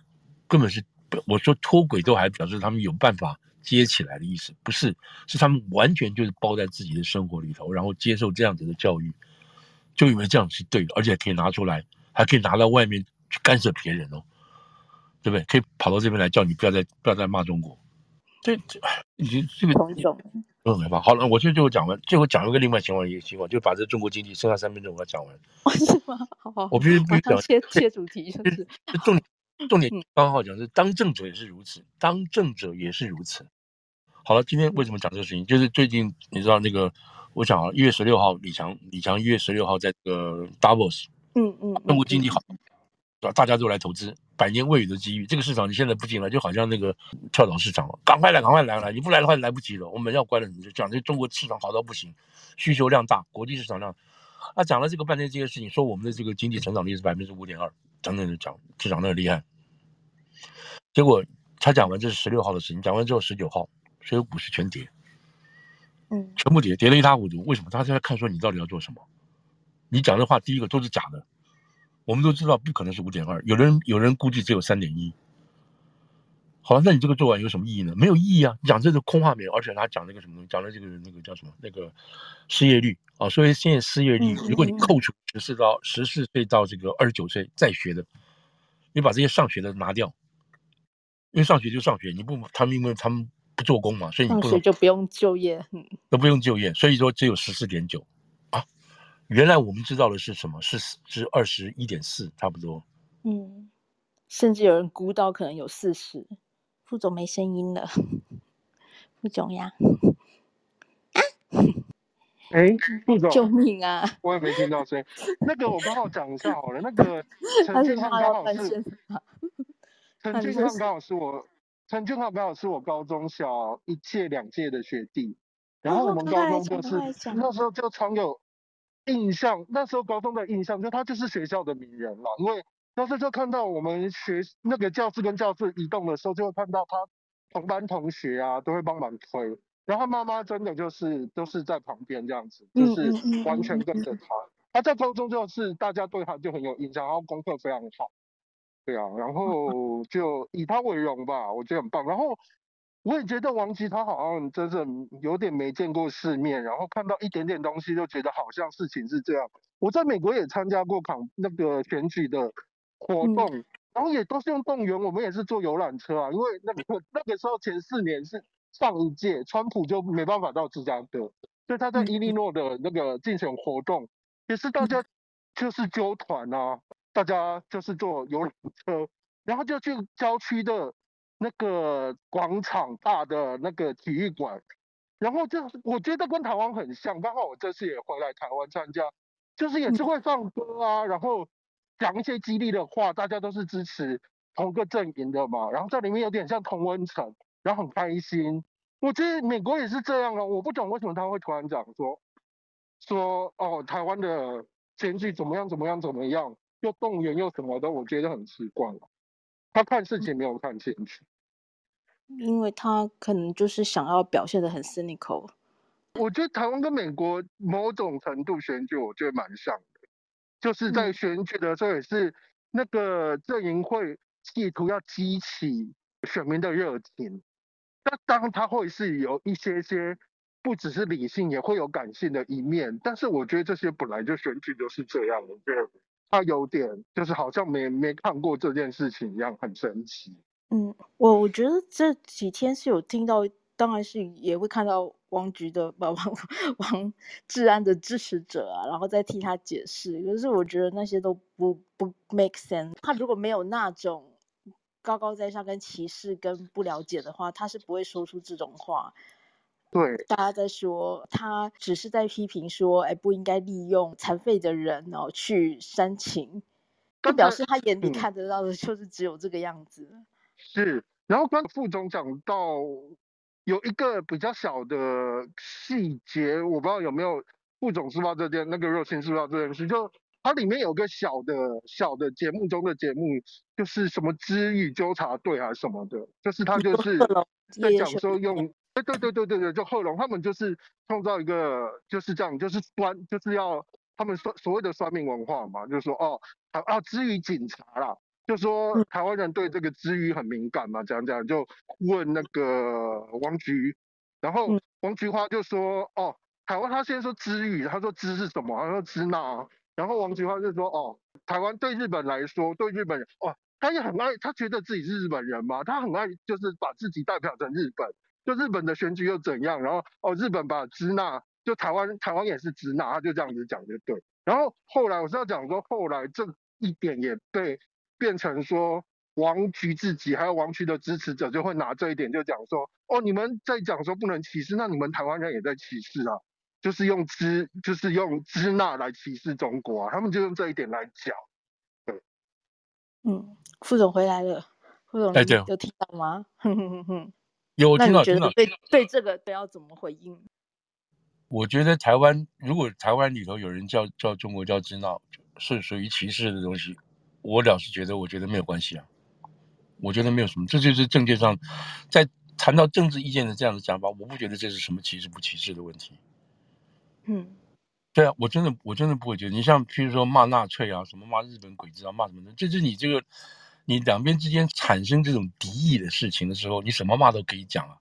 根本是。我說脫軌都還表示他們有辦法接起來的意思，不是？是他們完全就是包在自己的生活裡頭，然後接受這樣子的教育，就以為這樣是對的，而且還可以拿出來，還可以拿到外面去干涉別人哦，對不對？可以跑到這邊來叫你不要再不要再罵中國，這已經是同一種。好了，我先最後講完，最後講一個另外情況一個情況，就把這中國經濟剩下三分鐘我講完。是嗎？好好。我必須不須切切主題就是，不是這重點。重點剛好講的是當政者也是如此，當政者也是如此。好了，今天為什麼講這個事情？就是最近你知道那個，我想啊一月十六號，李強，李強一月十六號在這個 Davos，嗯嗯，中國經濟好，對吧？大家都來投資，百年未有的機遇，這個市場你現在不進來，就好像那個跳蚤市場了，趕快來，趕快來，來，你不來的話就來不及了。我們要關了，你就講這中國市場好到不行，需求量大，國際市場量，啊，講了這個半天這些事情，說我們的這個經濟成長率是百分之五點二。漲的就漲，就漲得很厲害。結果他講完這是十六號的事情，講完之後十九號，所有股市全跌，嗯，全部跌，跌得一塌糊塗。為什麼？他現在看說你到底要做什麼？你講的話第一個都是假的，我們都知道不可能是五點二，有人有人估計只有三點一。好了、啊，那你這個做完有什麼意義呢？沒有意義啊！講這個空話，沒有，而且他講那個什麼東西，講了這個那個叫什麼那個失業率啊？所以現在失業率，如果你扣除十四到十四歲到這個二十九歲在學的，嗯嗯，你把這些上學的拿掉，因為上學就上學，你不他們因為他們不做工嘛，所以上學就不用就業，都不用就業，所以說只有十四點九啊。原來我們知道的是什麼？是是二十一點四，差不多。嗯，甚至有人估到可能有四十。副總沒聲音了，副總呀，啊，哎，副總，救命啊！我也沒聽到聲音。那個我剛好講一下好了，那個陳俊浩剛 好是，陳俊浩剛好是我，陳、啊、俊浩剛好是我高中小一屆、兩屆的學弟，然後我們高中就是、哦、可可那時候就常有印象，那時候高中的印象就是他就是學校的名人了，因為。當時就看到我們學那個教室跟教室移動的時候，就會看到他同班同學啊都會幫忙推，然後他媽媽真的就是都是在旁邊這樣子，就是完全跟着他。 他在高中就是大家對他就很有印象，然後功課非常好，對啊，然後就以他為榮吧， 我覺得很棒。然後我也覺得王志安他好像真的有點沒見過世面，然後看到一點點東西就覺得好像事情是這樣。我在美國也參加過考那個選舉的活動，然後也都是用動員，我們也是坐遊覽車啊，因為那個那個時候前四年是上一屆，川普就沒辦法到芝加哥，所以他在伊利諾的那個競選活動，也是大家就是揪團啊，大家就是坐遊覽車，然後就去郊區的那個廣場大的那個體育館，然後就我覺得跟台灣很像，剛好我這次也回來台灣參加，就是也是會放歌啊，然後。講一些激勵的話，大家都是支持同個陣營的嘛，然後在裡面有點像同溫層，然後很開心。我覺得美國也是這樣啊、哦，我不懂為什麼他會突然講說說哦，台灣的選舉怎麼樣怎麼樣怎麼樣，又動員又什麼的，我覺得很奇怪、哦。他看事情沒有看清楚，因為他可能就是想要表現得很 cynical。我覺得台灣跟美國某種程度選舉，我覺得蠻像。就是在選舉的時候，也是那個陣營會企圖要激起選民的熱情。但當他會是有一些些，不只是理性，也會有感性的一面。但是我覺得這些本來就選舉都是這樣的。對，他有點就是好像沒沒看過這件事情一樣，很神奇。嗯，我我覺得這幾天是有聽到。當然是也會看到王菊的把王王志安的支持者啊，然後再替他解釋。可是我覺得那些都不不 make sense。他如果沒有那種高高在上跟歧視跟不了解的話，他是不會說出這種話。對，大家在說他只是在批評說，哎，不應該利用殘廢的人哦去煽情，就表示他眼裡看得到的就是只有這個樣子。剛剛嗯、是，然後關副總講到。有一個比較小的細節，我不知道有沒有副總知發這件，那個熱情是發這件事？就它裡面有個小的小的節目中的節目，就是什麼“支語糾察隊”還是什麼的，就是他就是在講說用，對 對對對對對，就賀瓏他們就是創造一個就是這樣，就是酸就是要他們所所謂的酸民文化嘛，就是說哦，啊，支語警察啦。就說台灣人對這個支那很敏感嘛，這樣這樣就問那個王局，然後王局花就說哦，台灣他先說支那，他說，支是什麼？他說支那、啊，然後王局花就說哦，台灣對日本來說，對日本人哦，他也很愛，他覺得自己是日本人嘛，他很愛就是把自己代表成日本，就日本的選舉又怎樣？然後哦，日本把支那，就台灣台灣也是支那，他就這樣子講就對。然後後來我是要講說，後來這一點也被。變成說王菊自己還有王菊的支持者就會拿這一點就講說哦，你們在講說不能歧視，那你們台灣人也在歧視啊，就是用支就是用支那來歧視中國啊，他們就用這一點來講。對，嗯，副總回來了，副總，哎、欸，有聽到嗎？有、欸 呃、聽到， 那你覺得對對，對這個得要怎麼回應？我覺得台灣如果台灣裡頭有人叫叫中國叫支那，是屬於歧視的東西。我老是覺得，我覺得沒有關係啊，我覺得沒有什麼，這就是政界上，在談到政治意見的這樣的講法，我不覺得這是什麼歧視不歧視的問題。嗯，對啊，我真的我真的不會覺得，你像譬如說罵納粹啊，什麼罵日本鬼子啊，罵什麼的，就是你這個你兩邊之間產生這種敵意的事情的時候，你什麼話都可以講啊。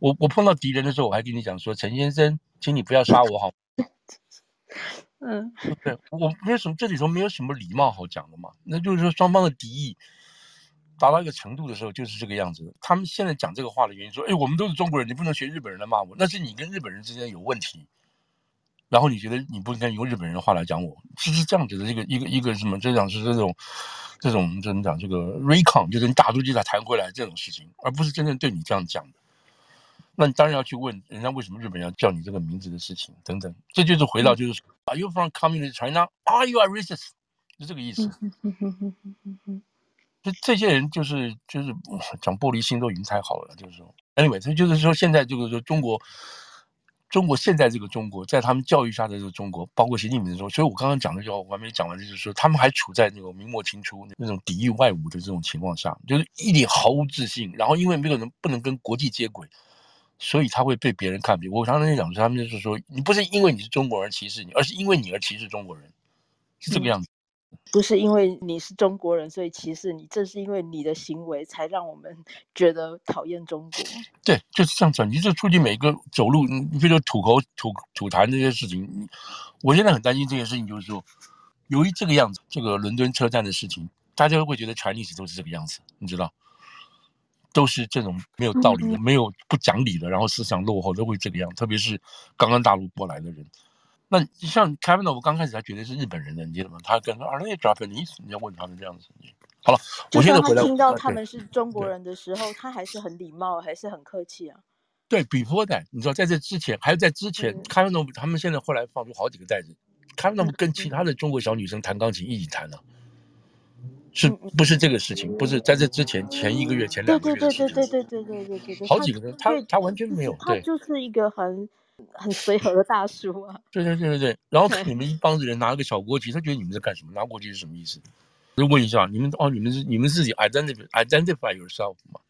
我我碰到敵人的時候，我還跟你講說，陳先生，請你不要殺我好。嗯嗯，對我沒有什麼，這裡頭沒有什麼禮貌好講的嘛，那就是說雙方的敵意達到一個程度的時候，就是這個樣子。他們現在講這個話的原因說，哎，我們都是中國人，你不能學日本人來罵我，那是你跟日本人之間有問題，然後你覺得你不應該用日本人的話來講我，是是這樣子的一個一個一個什麼？這講是這種這種我們只能講？這個 recon 就是你打出去再彈回來這種事情，而不是真正對你這樣講的。那你當然要去問人家為什麼日本人要叫你這個名字的事情等等，這就是回到就是 Are you from communist China? Are you a racist? 是這個意思。這這些人就是就是講玻璃心都已經太好了，就是說，anyway，他就是說現在就是說中國，中國現在這個中國，在他們教育下的這個中國，包括習近平的時候，所以我剛剛講的時候我還沒講完，就是說他們還處在那個明末清初那種抵御外侮的這種情況下，就是一點毫無自信，然後因為沒有人不能跟國際接軌。所以他會被別人看扁。我常常在講，他們就是說，你不是因為你是中國人歧視你，而是因為你而歧視中國人，是這個樣子。嗯，不是因為你是中國人所以歧視你，正是因為你的行為才讓我們覺得討厭中國。對，就是這樣子。你就出去每一個走路，你比如說吐口吐吐痰這些事情，我現在很擔心這件事情，就是說，由於這個樣子，這個倫敦車站的事情，大家都會覺得全歷史都是這個樣子，你知道。都是這種沒有道理的、嗯嗯嗯沒有不講理的，然後思想落後都會這個樣。特別是剛剛大陸過來的人，那像凱文諾我剛開始他覺得是日本人的，你知道嗎？他跟說，I'm Japanese，你要問他們這樣子。好了，在回來聽到他們是中國人的時候，對他還是很禮貌，還是很客氣啊。對，比波 t 你知道，在這之前，還有在之前凱文諾他們現在後來放出好幾個袋子凱文諾 a 跟其他的中國小女生彈鋼琴一起彈啊。是不是這個事情？不是在這之前，前一個月、前兩個月的事情。對對對對對對對對對。好幾個人，他他完全沒有。他就是一個很很隨和的大叔啊。對對對對對。然後你們一幫子人拿了個小國旗，他覺得你們在幹什麼？拿國旗是什麼意思？如果你講你們哦，你們是你們自己 identify y yourself 嘛。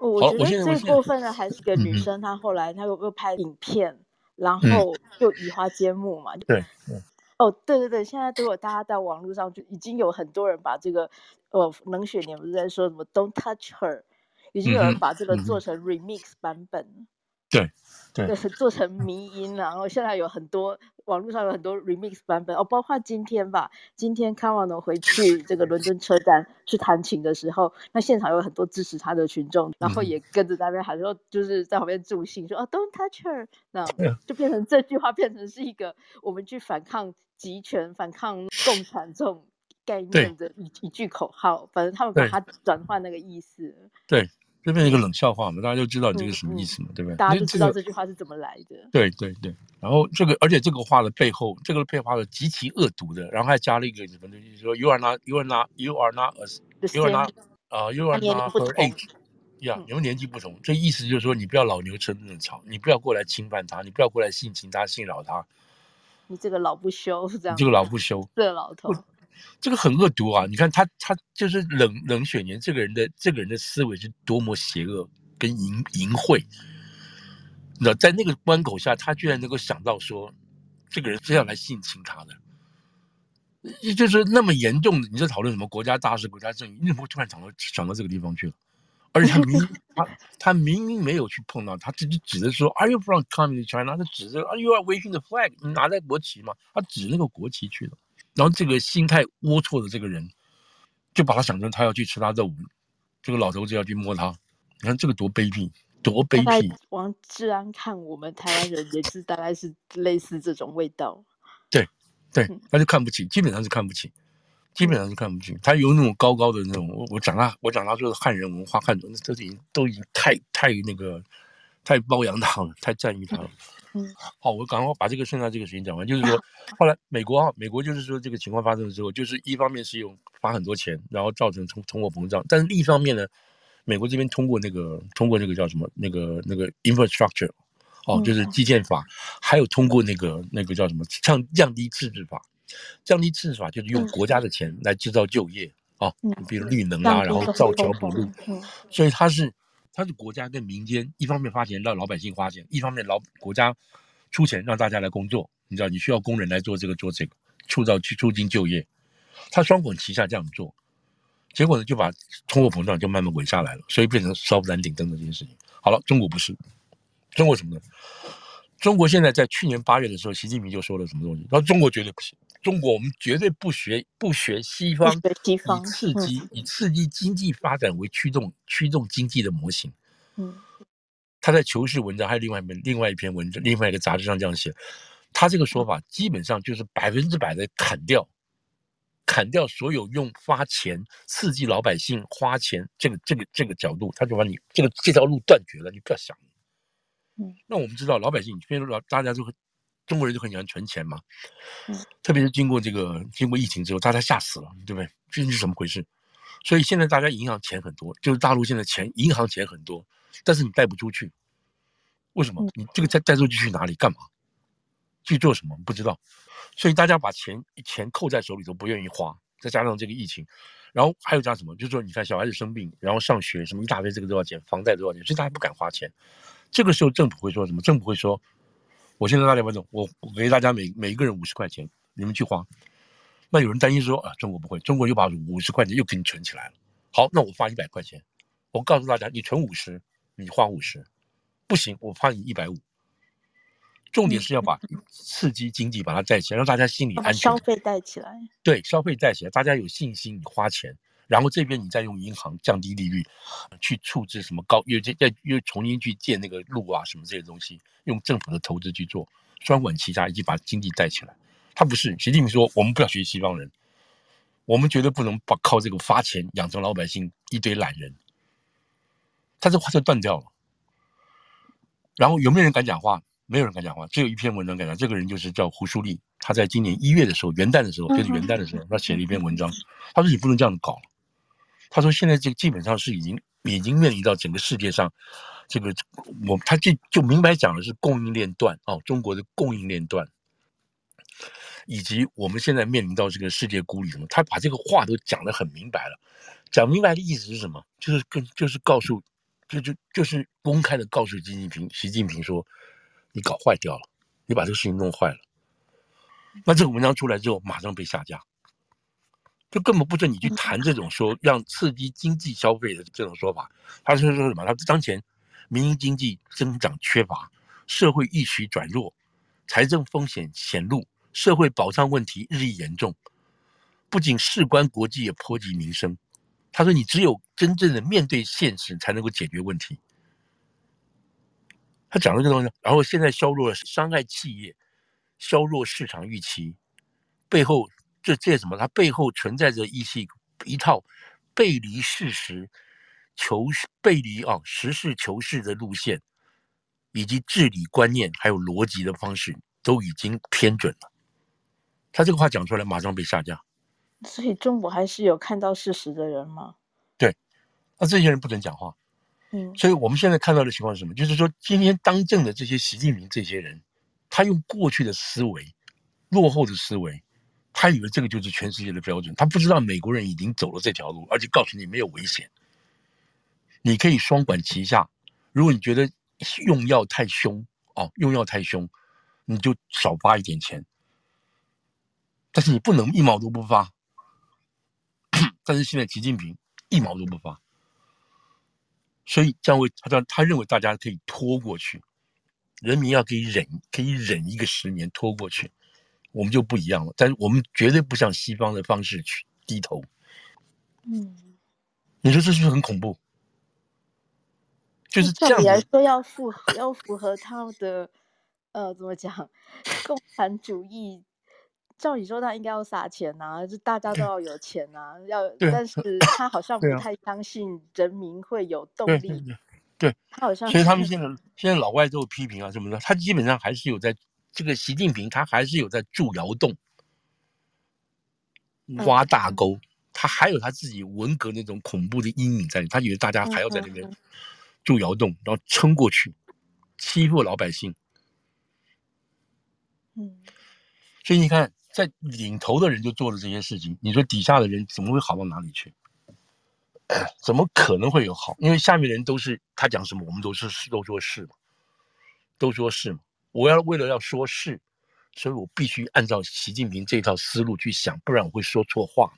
我覺得最過分的還是個女生，她後來她又又拍影片，然後又移花接木嘛。對。哦，oh, 對對對，現在都有大家到網絡上，就已經有很多人把這個，哦，冷血你不是在說什麼 “Don't touch her”，已經有人把這個做成 remix 版本。嗯對，對，做成迷因了。然後現在有很多網絡上有很多 remix 版本哦，包括今天吧。今天卡瓦諾回去這個倫敦車站去彈琴的時候， 那現場有很多支持他的群眾，然後也跟着在那邊喊，說就是在旁邊助興，說啊、嗯哦、Don't touch her、嗯。那就變成這句話，變成是一個我們去反抗集權、反抗共產這種概念的一對一句口號。反正他們把它轉換那個意思。對。對。這邊一個冷笑話嘛，大家就知道這個什麼意思嘛，嗯嗯、對不對？大家就知道、這個、這句話是怎麼來的。對對對，然後這個，而且這個話的背後，這個配話的極其惡毒的，然後還加了一個什麼的，就是說，you are not，you are not，you are not a，you are not，啊，you are not her、uh, age，呀、yeah, 嗯，你們年紀不同，這意思就是說，你不要老牛吃嫩草，你不要過來侵犯他，你不要過來性侵他、性擾他。你這個老不修，這樣。這個老不修，這老頭。這個很惡毒啊！你看他，他就是冷冷血年，這個人的這個人的思維是多麼邪惡跟淫淫穢。那在那個關口下，他居然能夠想到說，這個人是要來性侵他的，也就是那麼嚴重的。你在討論什麼國家大事、國家正義？你怎麼突然想到想到這個地方去了？而且他明 他他明明沒有去碰到，他自己指着說：“ Are you from coming to China。”他指着 Are you waving the flag，你拿在國旗嘛，他指那個國旗去了。然後這個心態齷齪的這個人，就把他想成他要去吃他肉，這個老頭子要去摸他。你看這個多卑鄙，多卑鄙！王志安看我們台灣人也是，大概是類似這種味道。 對，對，他就看不起，基本上是看不起，基本上是看不起。嗯、他有那種高高的那種，我我長大我長大就是漢人文化，漢人，都已經都已經太太那個太褒揚，他了，太占他了。嗯嗯、好，我趕快把這個剩下這個事情講完。就是說，後來美國啊，美國就是說這個情況發生了之後，就是一方面是用，發很多錢，然後造成通通貨膨脹，但是另一方面呢，美國這邊通過那個通過那個叫什麼那個那個 infrastructure，哦，就是基建法，嗯、還有通過那個那個叫什麼降降低赤字法，降低赤字法就是用國家的錢來制造就業、嗯、啊，比如綠能啊，嗯、然後造橋補路，嗯嗯、所以它是。它是國家跟民間，一方面發錢讓老百姓花錢，一方面老國家出錢讓大家來工作。你知道你需要工人來做這個做這個，創造去促進就業，他雙管齊下這樣做，結果呢就把通貨膨脹就慢慢穩下來了，所以變成 soft landing 的這件事情。好了，中國不是，中國什麼呢？中國現在在去年八月的時候，習近平就說了什麼東西，他說中國絕對不行。中國，我們絕對不學不學西方，學地方、嗯、以刺激以刺激經濟發展為驅動驅動經濟的模型。嗯，他在《求是》文章還有另外一篇另外一篇文章另外一個雜誌上這樣寫，他這個說法基本上就是百分之百的砍掉，砍掉所有用發錢刺激老百姓花錢這個這個這個角度，他就把你這個這條路斷絕了，你不要想，嗯，那我們知道老百姓，因為老大家就。中國人就很喜歡存錢嘛，特別是經過這個經過疫情之後，大家嚇死了，對不對？究、就、竟是怎麼回事？所以現在大家銀行錢很多，就是大陸現在錢銀行錢很多，但是你貸不出去，為什麼？你這個再貸出去去哪裡幹嘛？去做什麼不知道，所以大家把錢錢扣在手裡頭，不願意花，再加上這個疫情，然後還有加什麼？就是說，你看小孩子生病，然後上學什麼一大堆，這個多少錢，房貸多少錢，所以大家不敢花錢。這個時候政府會說什麼？政府會說。我現在大家觀眾，我給大家每每一個人五十塊錢，你們去花。那有人擔心說啊，中國不會，中國又把五十塊錢又給你存起來了。好，那我發一百塊錢。我告訴大家，你存五十，你花五十，不行，我發你一百五。重點是要把刺激經濟，把它帶起來，讓大家心裡安全，哦、消費帶起來。對，消費帶起來，大家有信心你花錢。然後這邊你再用銀行降低利率，去處置什麼高又再再又重新去建那個路啊什麼這些東西，用政府的投資去做，雙管齊下，一起把經濟帶起來。他不是習近平說我們不要學西方人，我們絕對不能把靠這個發錢養成老百姓一堆懶人。他這話就斷掉了。然後有沒有人敢講話？沒有人敢講話，只有一篇文章敢講。這個人就是叫胡舒立，他在今年一月的時候，元旦的時候，就是元旦的時候，他寫了一篇文章，他說你不能這樣搞。他說：“現在這個基本上是已經已經面臨到整個世界上，這個我他就就明白講的是供應鏈斷哦，中國的供應鏈斷，以及我們現在面臨到這個世界孤立什麼？他把這個話都講得很明白了。講明白的意思是什麼？就是跟就是告訴，就就就是公開的告訴習近平，習近平說，你搞壞掉了，你把這個事情弄壞了。那這個文章出來之後，馬上被下架。”就根本不准你去談這種說讓刺激經濟消費的這種說法。他說說什麼？他說當前民營經濟增長缺乏，社會預期轉弱，財政風險顯露，社會保障問題日益嚴重，不僅事關國際，也波及民生。他說你只有真正的面對現實，才能夠解決問題。他講了這個東西，然後現在削弱了，傷害企業，削弱市場預期，背後。這這些什麼？它背後存在着一系一套背離事實、求背離啊實事求是的路線，以及治理觀念還有邏輯的方式都已經偏準了。他這個話講出來，馬上被下架。所以，中國還是有看到事實的人嗎？對，那這些人不准講話。嗯，所以我們現在看到的情況是什麼？就是說，今天當政的這些習近平這些人，他用過去的思維、落後的思維。他以為這個就是全世界的標準，他不知道美國人已經走了這條路，而且告訴你沒有危險，你可以雙管齊下。如果你覺得用藥太凶，哦、啊，用藥太凶，你就少發一點錢，但是你不能一毛都不發。但是現在習近平一毛都不發，所以這樣會他他他認為大家可以拖過去，人民要可以忍，可以忍一個十年拖過去。我們就不一樣了，但是我們絕對不向西方的方式去低頭。嗯，你說這是不是很恐怖？就是照理來說要符合 要符合他的呃怎麼講，共產主義。 照理說他應該要撒錢啊，就大家都要有錢啊，對要。但是他好像不太相信人民會有動力。對。對對他好像。所以他們現在 現在老外都有批評啊什麼的，他基本上還是有在。這個習近平他還是有在住窯洞、挖大溝，嗯、他還有他自己文革那種恐怖的陰影在裡。他以為大家還要在那邊住窯洞，嗯、然後撐過去，欺負老百姓。嗯，所以你看，在領頭的人就做了這些事情，你說底下的人怎麼會好到哪裡去？呃、怎麼可能會有好？因為下面的人都是他講什麼，我們都是都說是嘛，都說是嘛。我要為了要說事，所以我必須按照習近平這套思路去想，不然我會說錯話。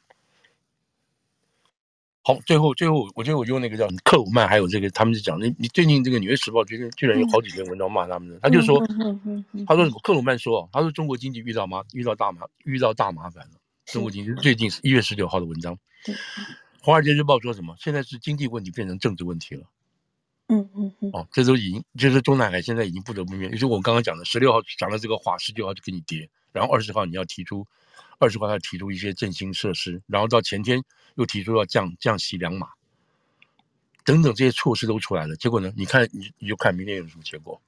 好，最後最後，我覺得我就用那個叫克魯曼，還有這個，他們就講你你最近這個《紐約時報》居然居然有好幾篇文章罵他們的。嗯、他就說，嗯嗯嗯、他說什麼？克魯曼說，他說中國經濟遇到麻遇到大麻遇到大麻煩了。中國經濟最近是一月十九號的文章，嗯、對。華爾街日報說什麼？現在是經濟問題變成政治問題了。嗯嗯嗯，嗯哦，這都已經就是中南海現在已經不得不面對，就是我剛剛講的，十六號講了這個話，十九號就給你跌，然後二十號你要提出，二十號要提出一些振興設施，然後到前天又提出要降降息兩碼，等等這些措施都出來了，結果呢，你看你，你就看明天有什麼結果，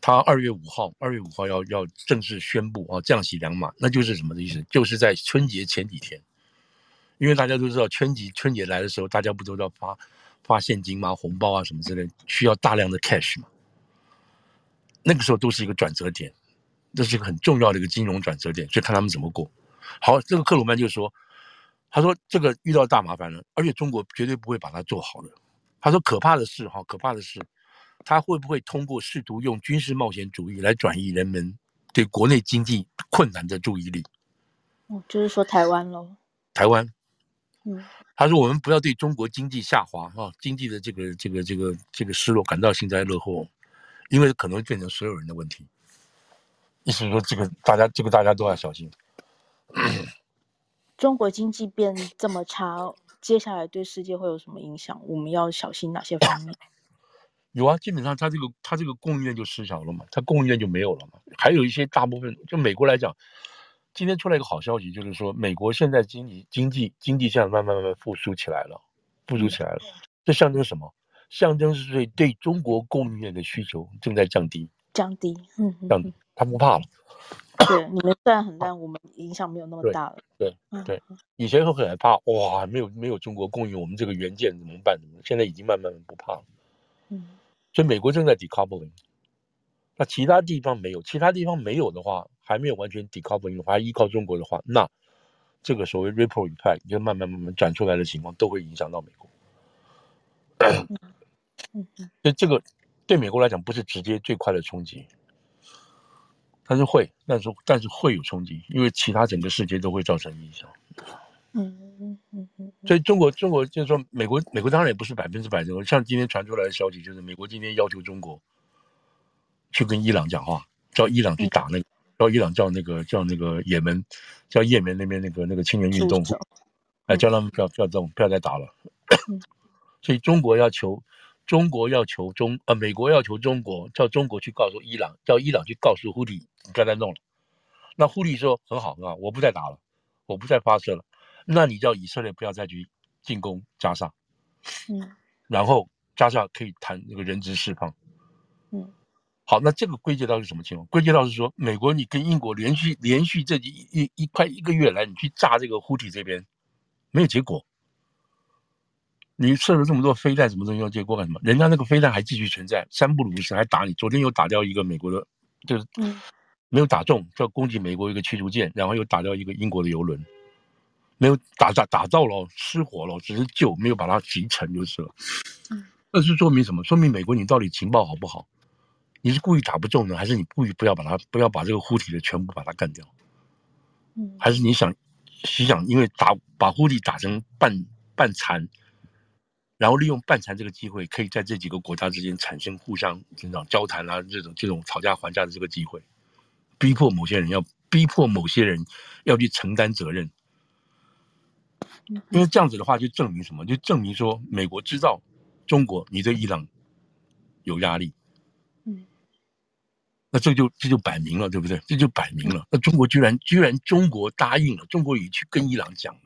他二月五號二月五號要要正式宣布啊降息兩碼，那就是什麼的意思？就是在春節前幾天，因為大家都知道春節春節來的時候大家不都要發。發現金嘛，紅包啊什麼之類，需要大量的 cash 嘛。那個時候都是一個轉折點，這是一個很重要的一個金融轉折點，就看他們怎麼過。好，這個克魯曼就說，他說這個遇到大麻煩了，而且中國絕對不會把它做好了。他說可怕的是哈，可怕的是他會不會通過試圖用軍事冒險主義來轉移人們對國內經濟困難的注意力？哦，就是說台灣嘍？台灣？嗯。他說：“我們不要對中國經濟下滑，哈、啊，經濟的這個、這個、這個、這個失落感到幸災樂禍，因為可能會變成所有人的問題。意思是說，這個大家，這個大家都要小心。” 中國經濟變這麼差，接下來對世界會有什麼影響？我們要小心哪些方面？ 有啊，基本上他這個他這個供應鏈就失效了嘛，他供應鏈就沒有了嘛，還有一些大部分就美國來講。今天出來一個好消息，就是說美國現在經濟、經濟、經濟現在慢慢慢慢復甦起來了，復甦起來了。這象徵什麼？象徵是對對中國供應鏈的需求正在降低，降低，嗯，嗯降低，他不怕了。對，你們雖然很爛， 我們影響沒有那麼大了。對，對，對，以前會很害怕，哇，沒有沒有中國供應我們這個元件怎麼辦？怎麼現在已經慢慢不怕了。嗯，所以美國正在 decoupling。那其他地方沒有，其他地方沒有的話，還沒有完全 decoupling 還依靠中國的話，那這個所謂 ripple re effect 就慢慢慢慢轉出來的情況，都會影響到美國 所以這個對美國來講不是直接最快的衝擊，但是會，但是但是會有衝擊，因為其他整個世界都會造成影響。嗯嗯嗯嗯。所以中國中國就是說美國美國當然也不是百分之百的，像今天傳出來的消息就是美國今天要求中國。去跟伊朗講話，叫伊朗去打那個，嗯、叫伊朗叫那個叫那個也門，叫也門那邊那個那個青年運動，哎，嗯、叫他們不要不要動，不要再打了。 所以中國要求，中國要求中，呃，美國要求中國，叫中國去告訴伊朗，叫伊朗去告訴胡迪，不要再弄了。那胡迪說很好很好，我不再打了，我不再發射了。那你叫以色列不要再去進攻加沙，是、嗯。然後加沙可以談那個人質釋放，嗯。好，那這個歸結到是什麼情況？歸結到是說，美國你跟英國連續連續這一一一塊一個月來，你去炸這個胡塞這邊沒有結果，你射了這麼多飛彈，什麼東西要結果幹什麼？人家那個飛彈還繼續存在，三不五時還打你。昨天又打掉一個美國的，就是、嗯、沒有打中，就攻擊美國一個驅逐艦，然後又打掉一個英國的油輪，沒有打炸打，打到了失火了，只是救沒有把它擊沉就是了。嗯，這是說明什麼？說明美國你到底情報好不好？你是故意打不中呢？還是你故意不要把它不要把這個護體的全部把它幹掉？嗯，還是你想，想因為打把護體打成半半殘，然後利用半殘這個機會，可以在這幾個國家之間產生互相，你長交談啊這種這種討價還價的這個機會，逼迫某些人要逼迫某些人要去承擔責任。嗯，因為這樣子的話就證明什麼？就證明說美國知道中國你對伊朗有壓力。那這就這就擺明了，對不對？這就擺明了。那中國居然居然中國答應了，中國也去跟伊朗講了。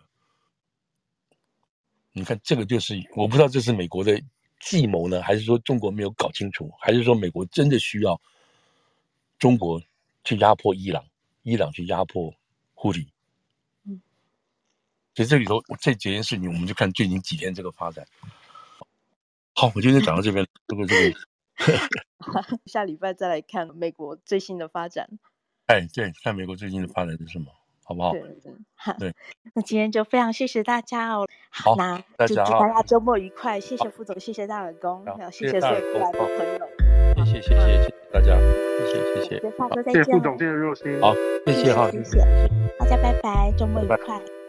你看，這個就是我不知道這是美國的計謀呢，還是說中國沒有搞清楚，還是說美國真的需要中國去壓迫伊朗，伊朗去壓迫胡里？所以這裡頭這幾件事情，我們就看最近幾天這個發展。好，我今天講到這邊，這邊 這個、這個下禮拜再來看美國最新的發展。哎，對，看美國最近的發展是什麼，好不好？對，那今天就非常謝謝大家哦。好，那祝大家週末愉快。謝謝副總，謝謝大耳公，然後謝謝所有過來的朋友。謝謝謝謝大家，謝謝謝謝副總，謝謝副總，好，謝謝哈，謝謝大家，拜拜，週末愉快。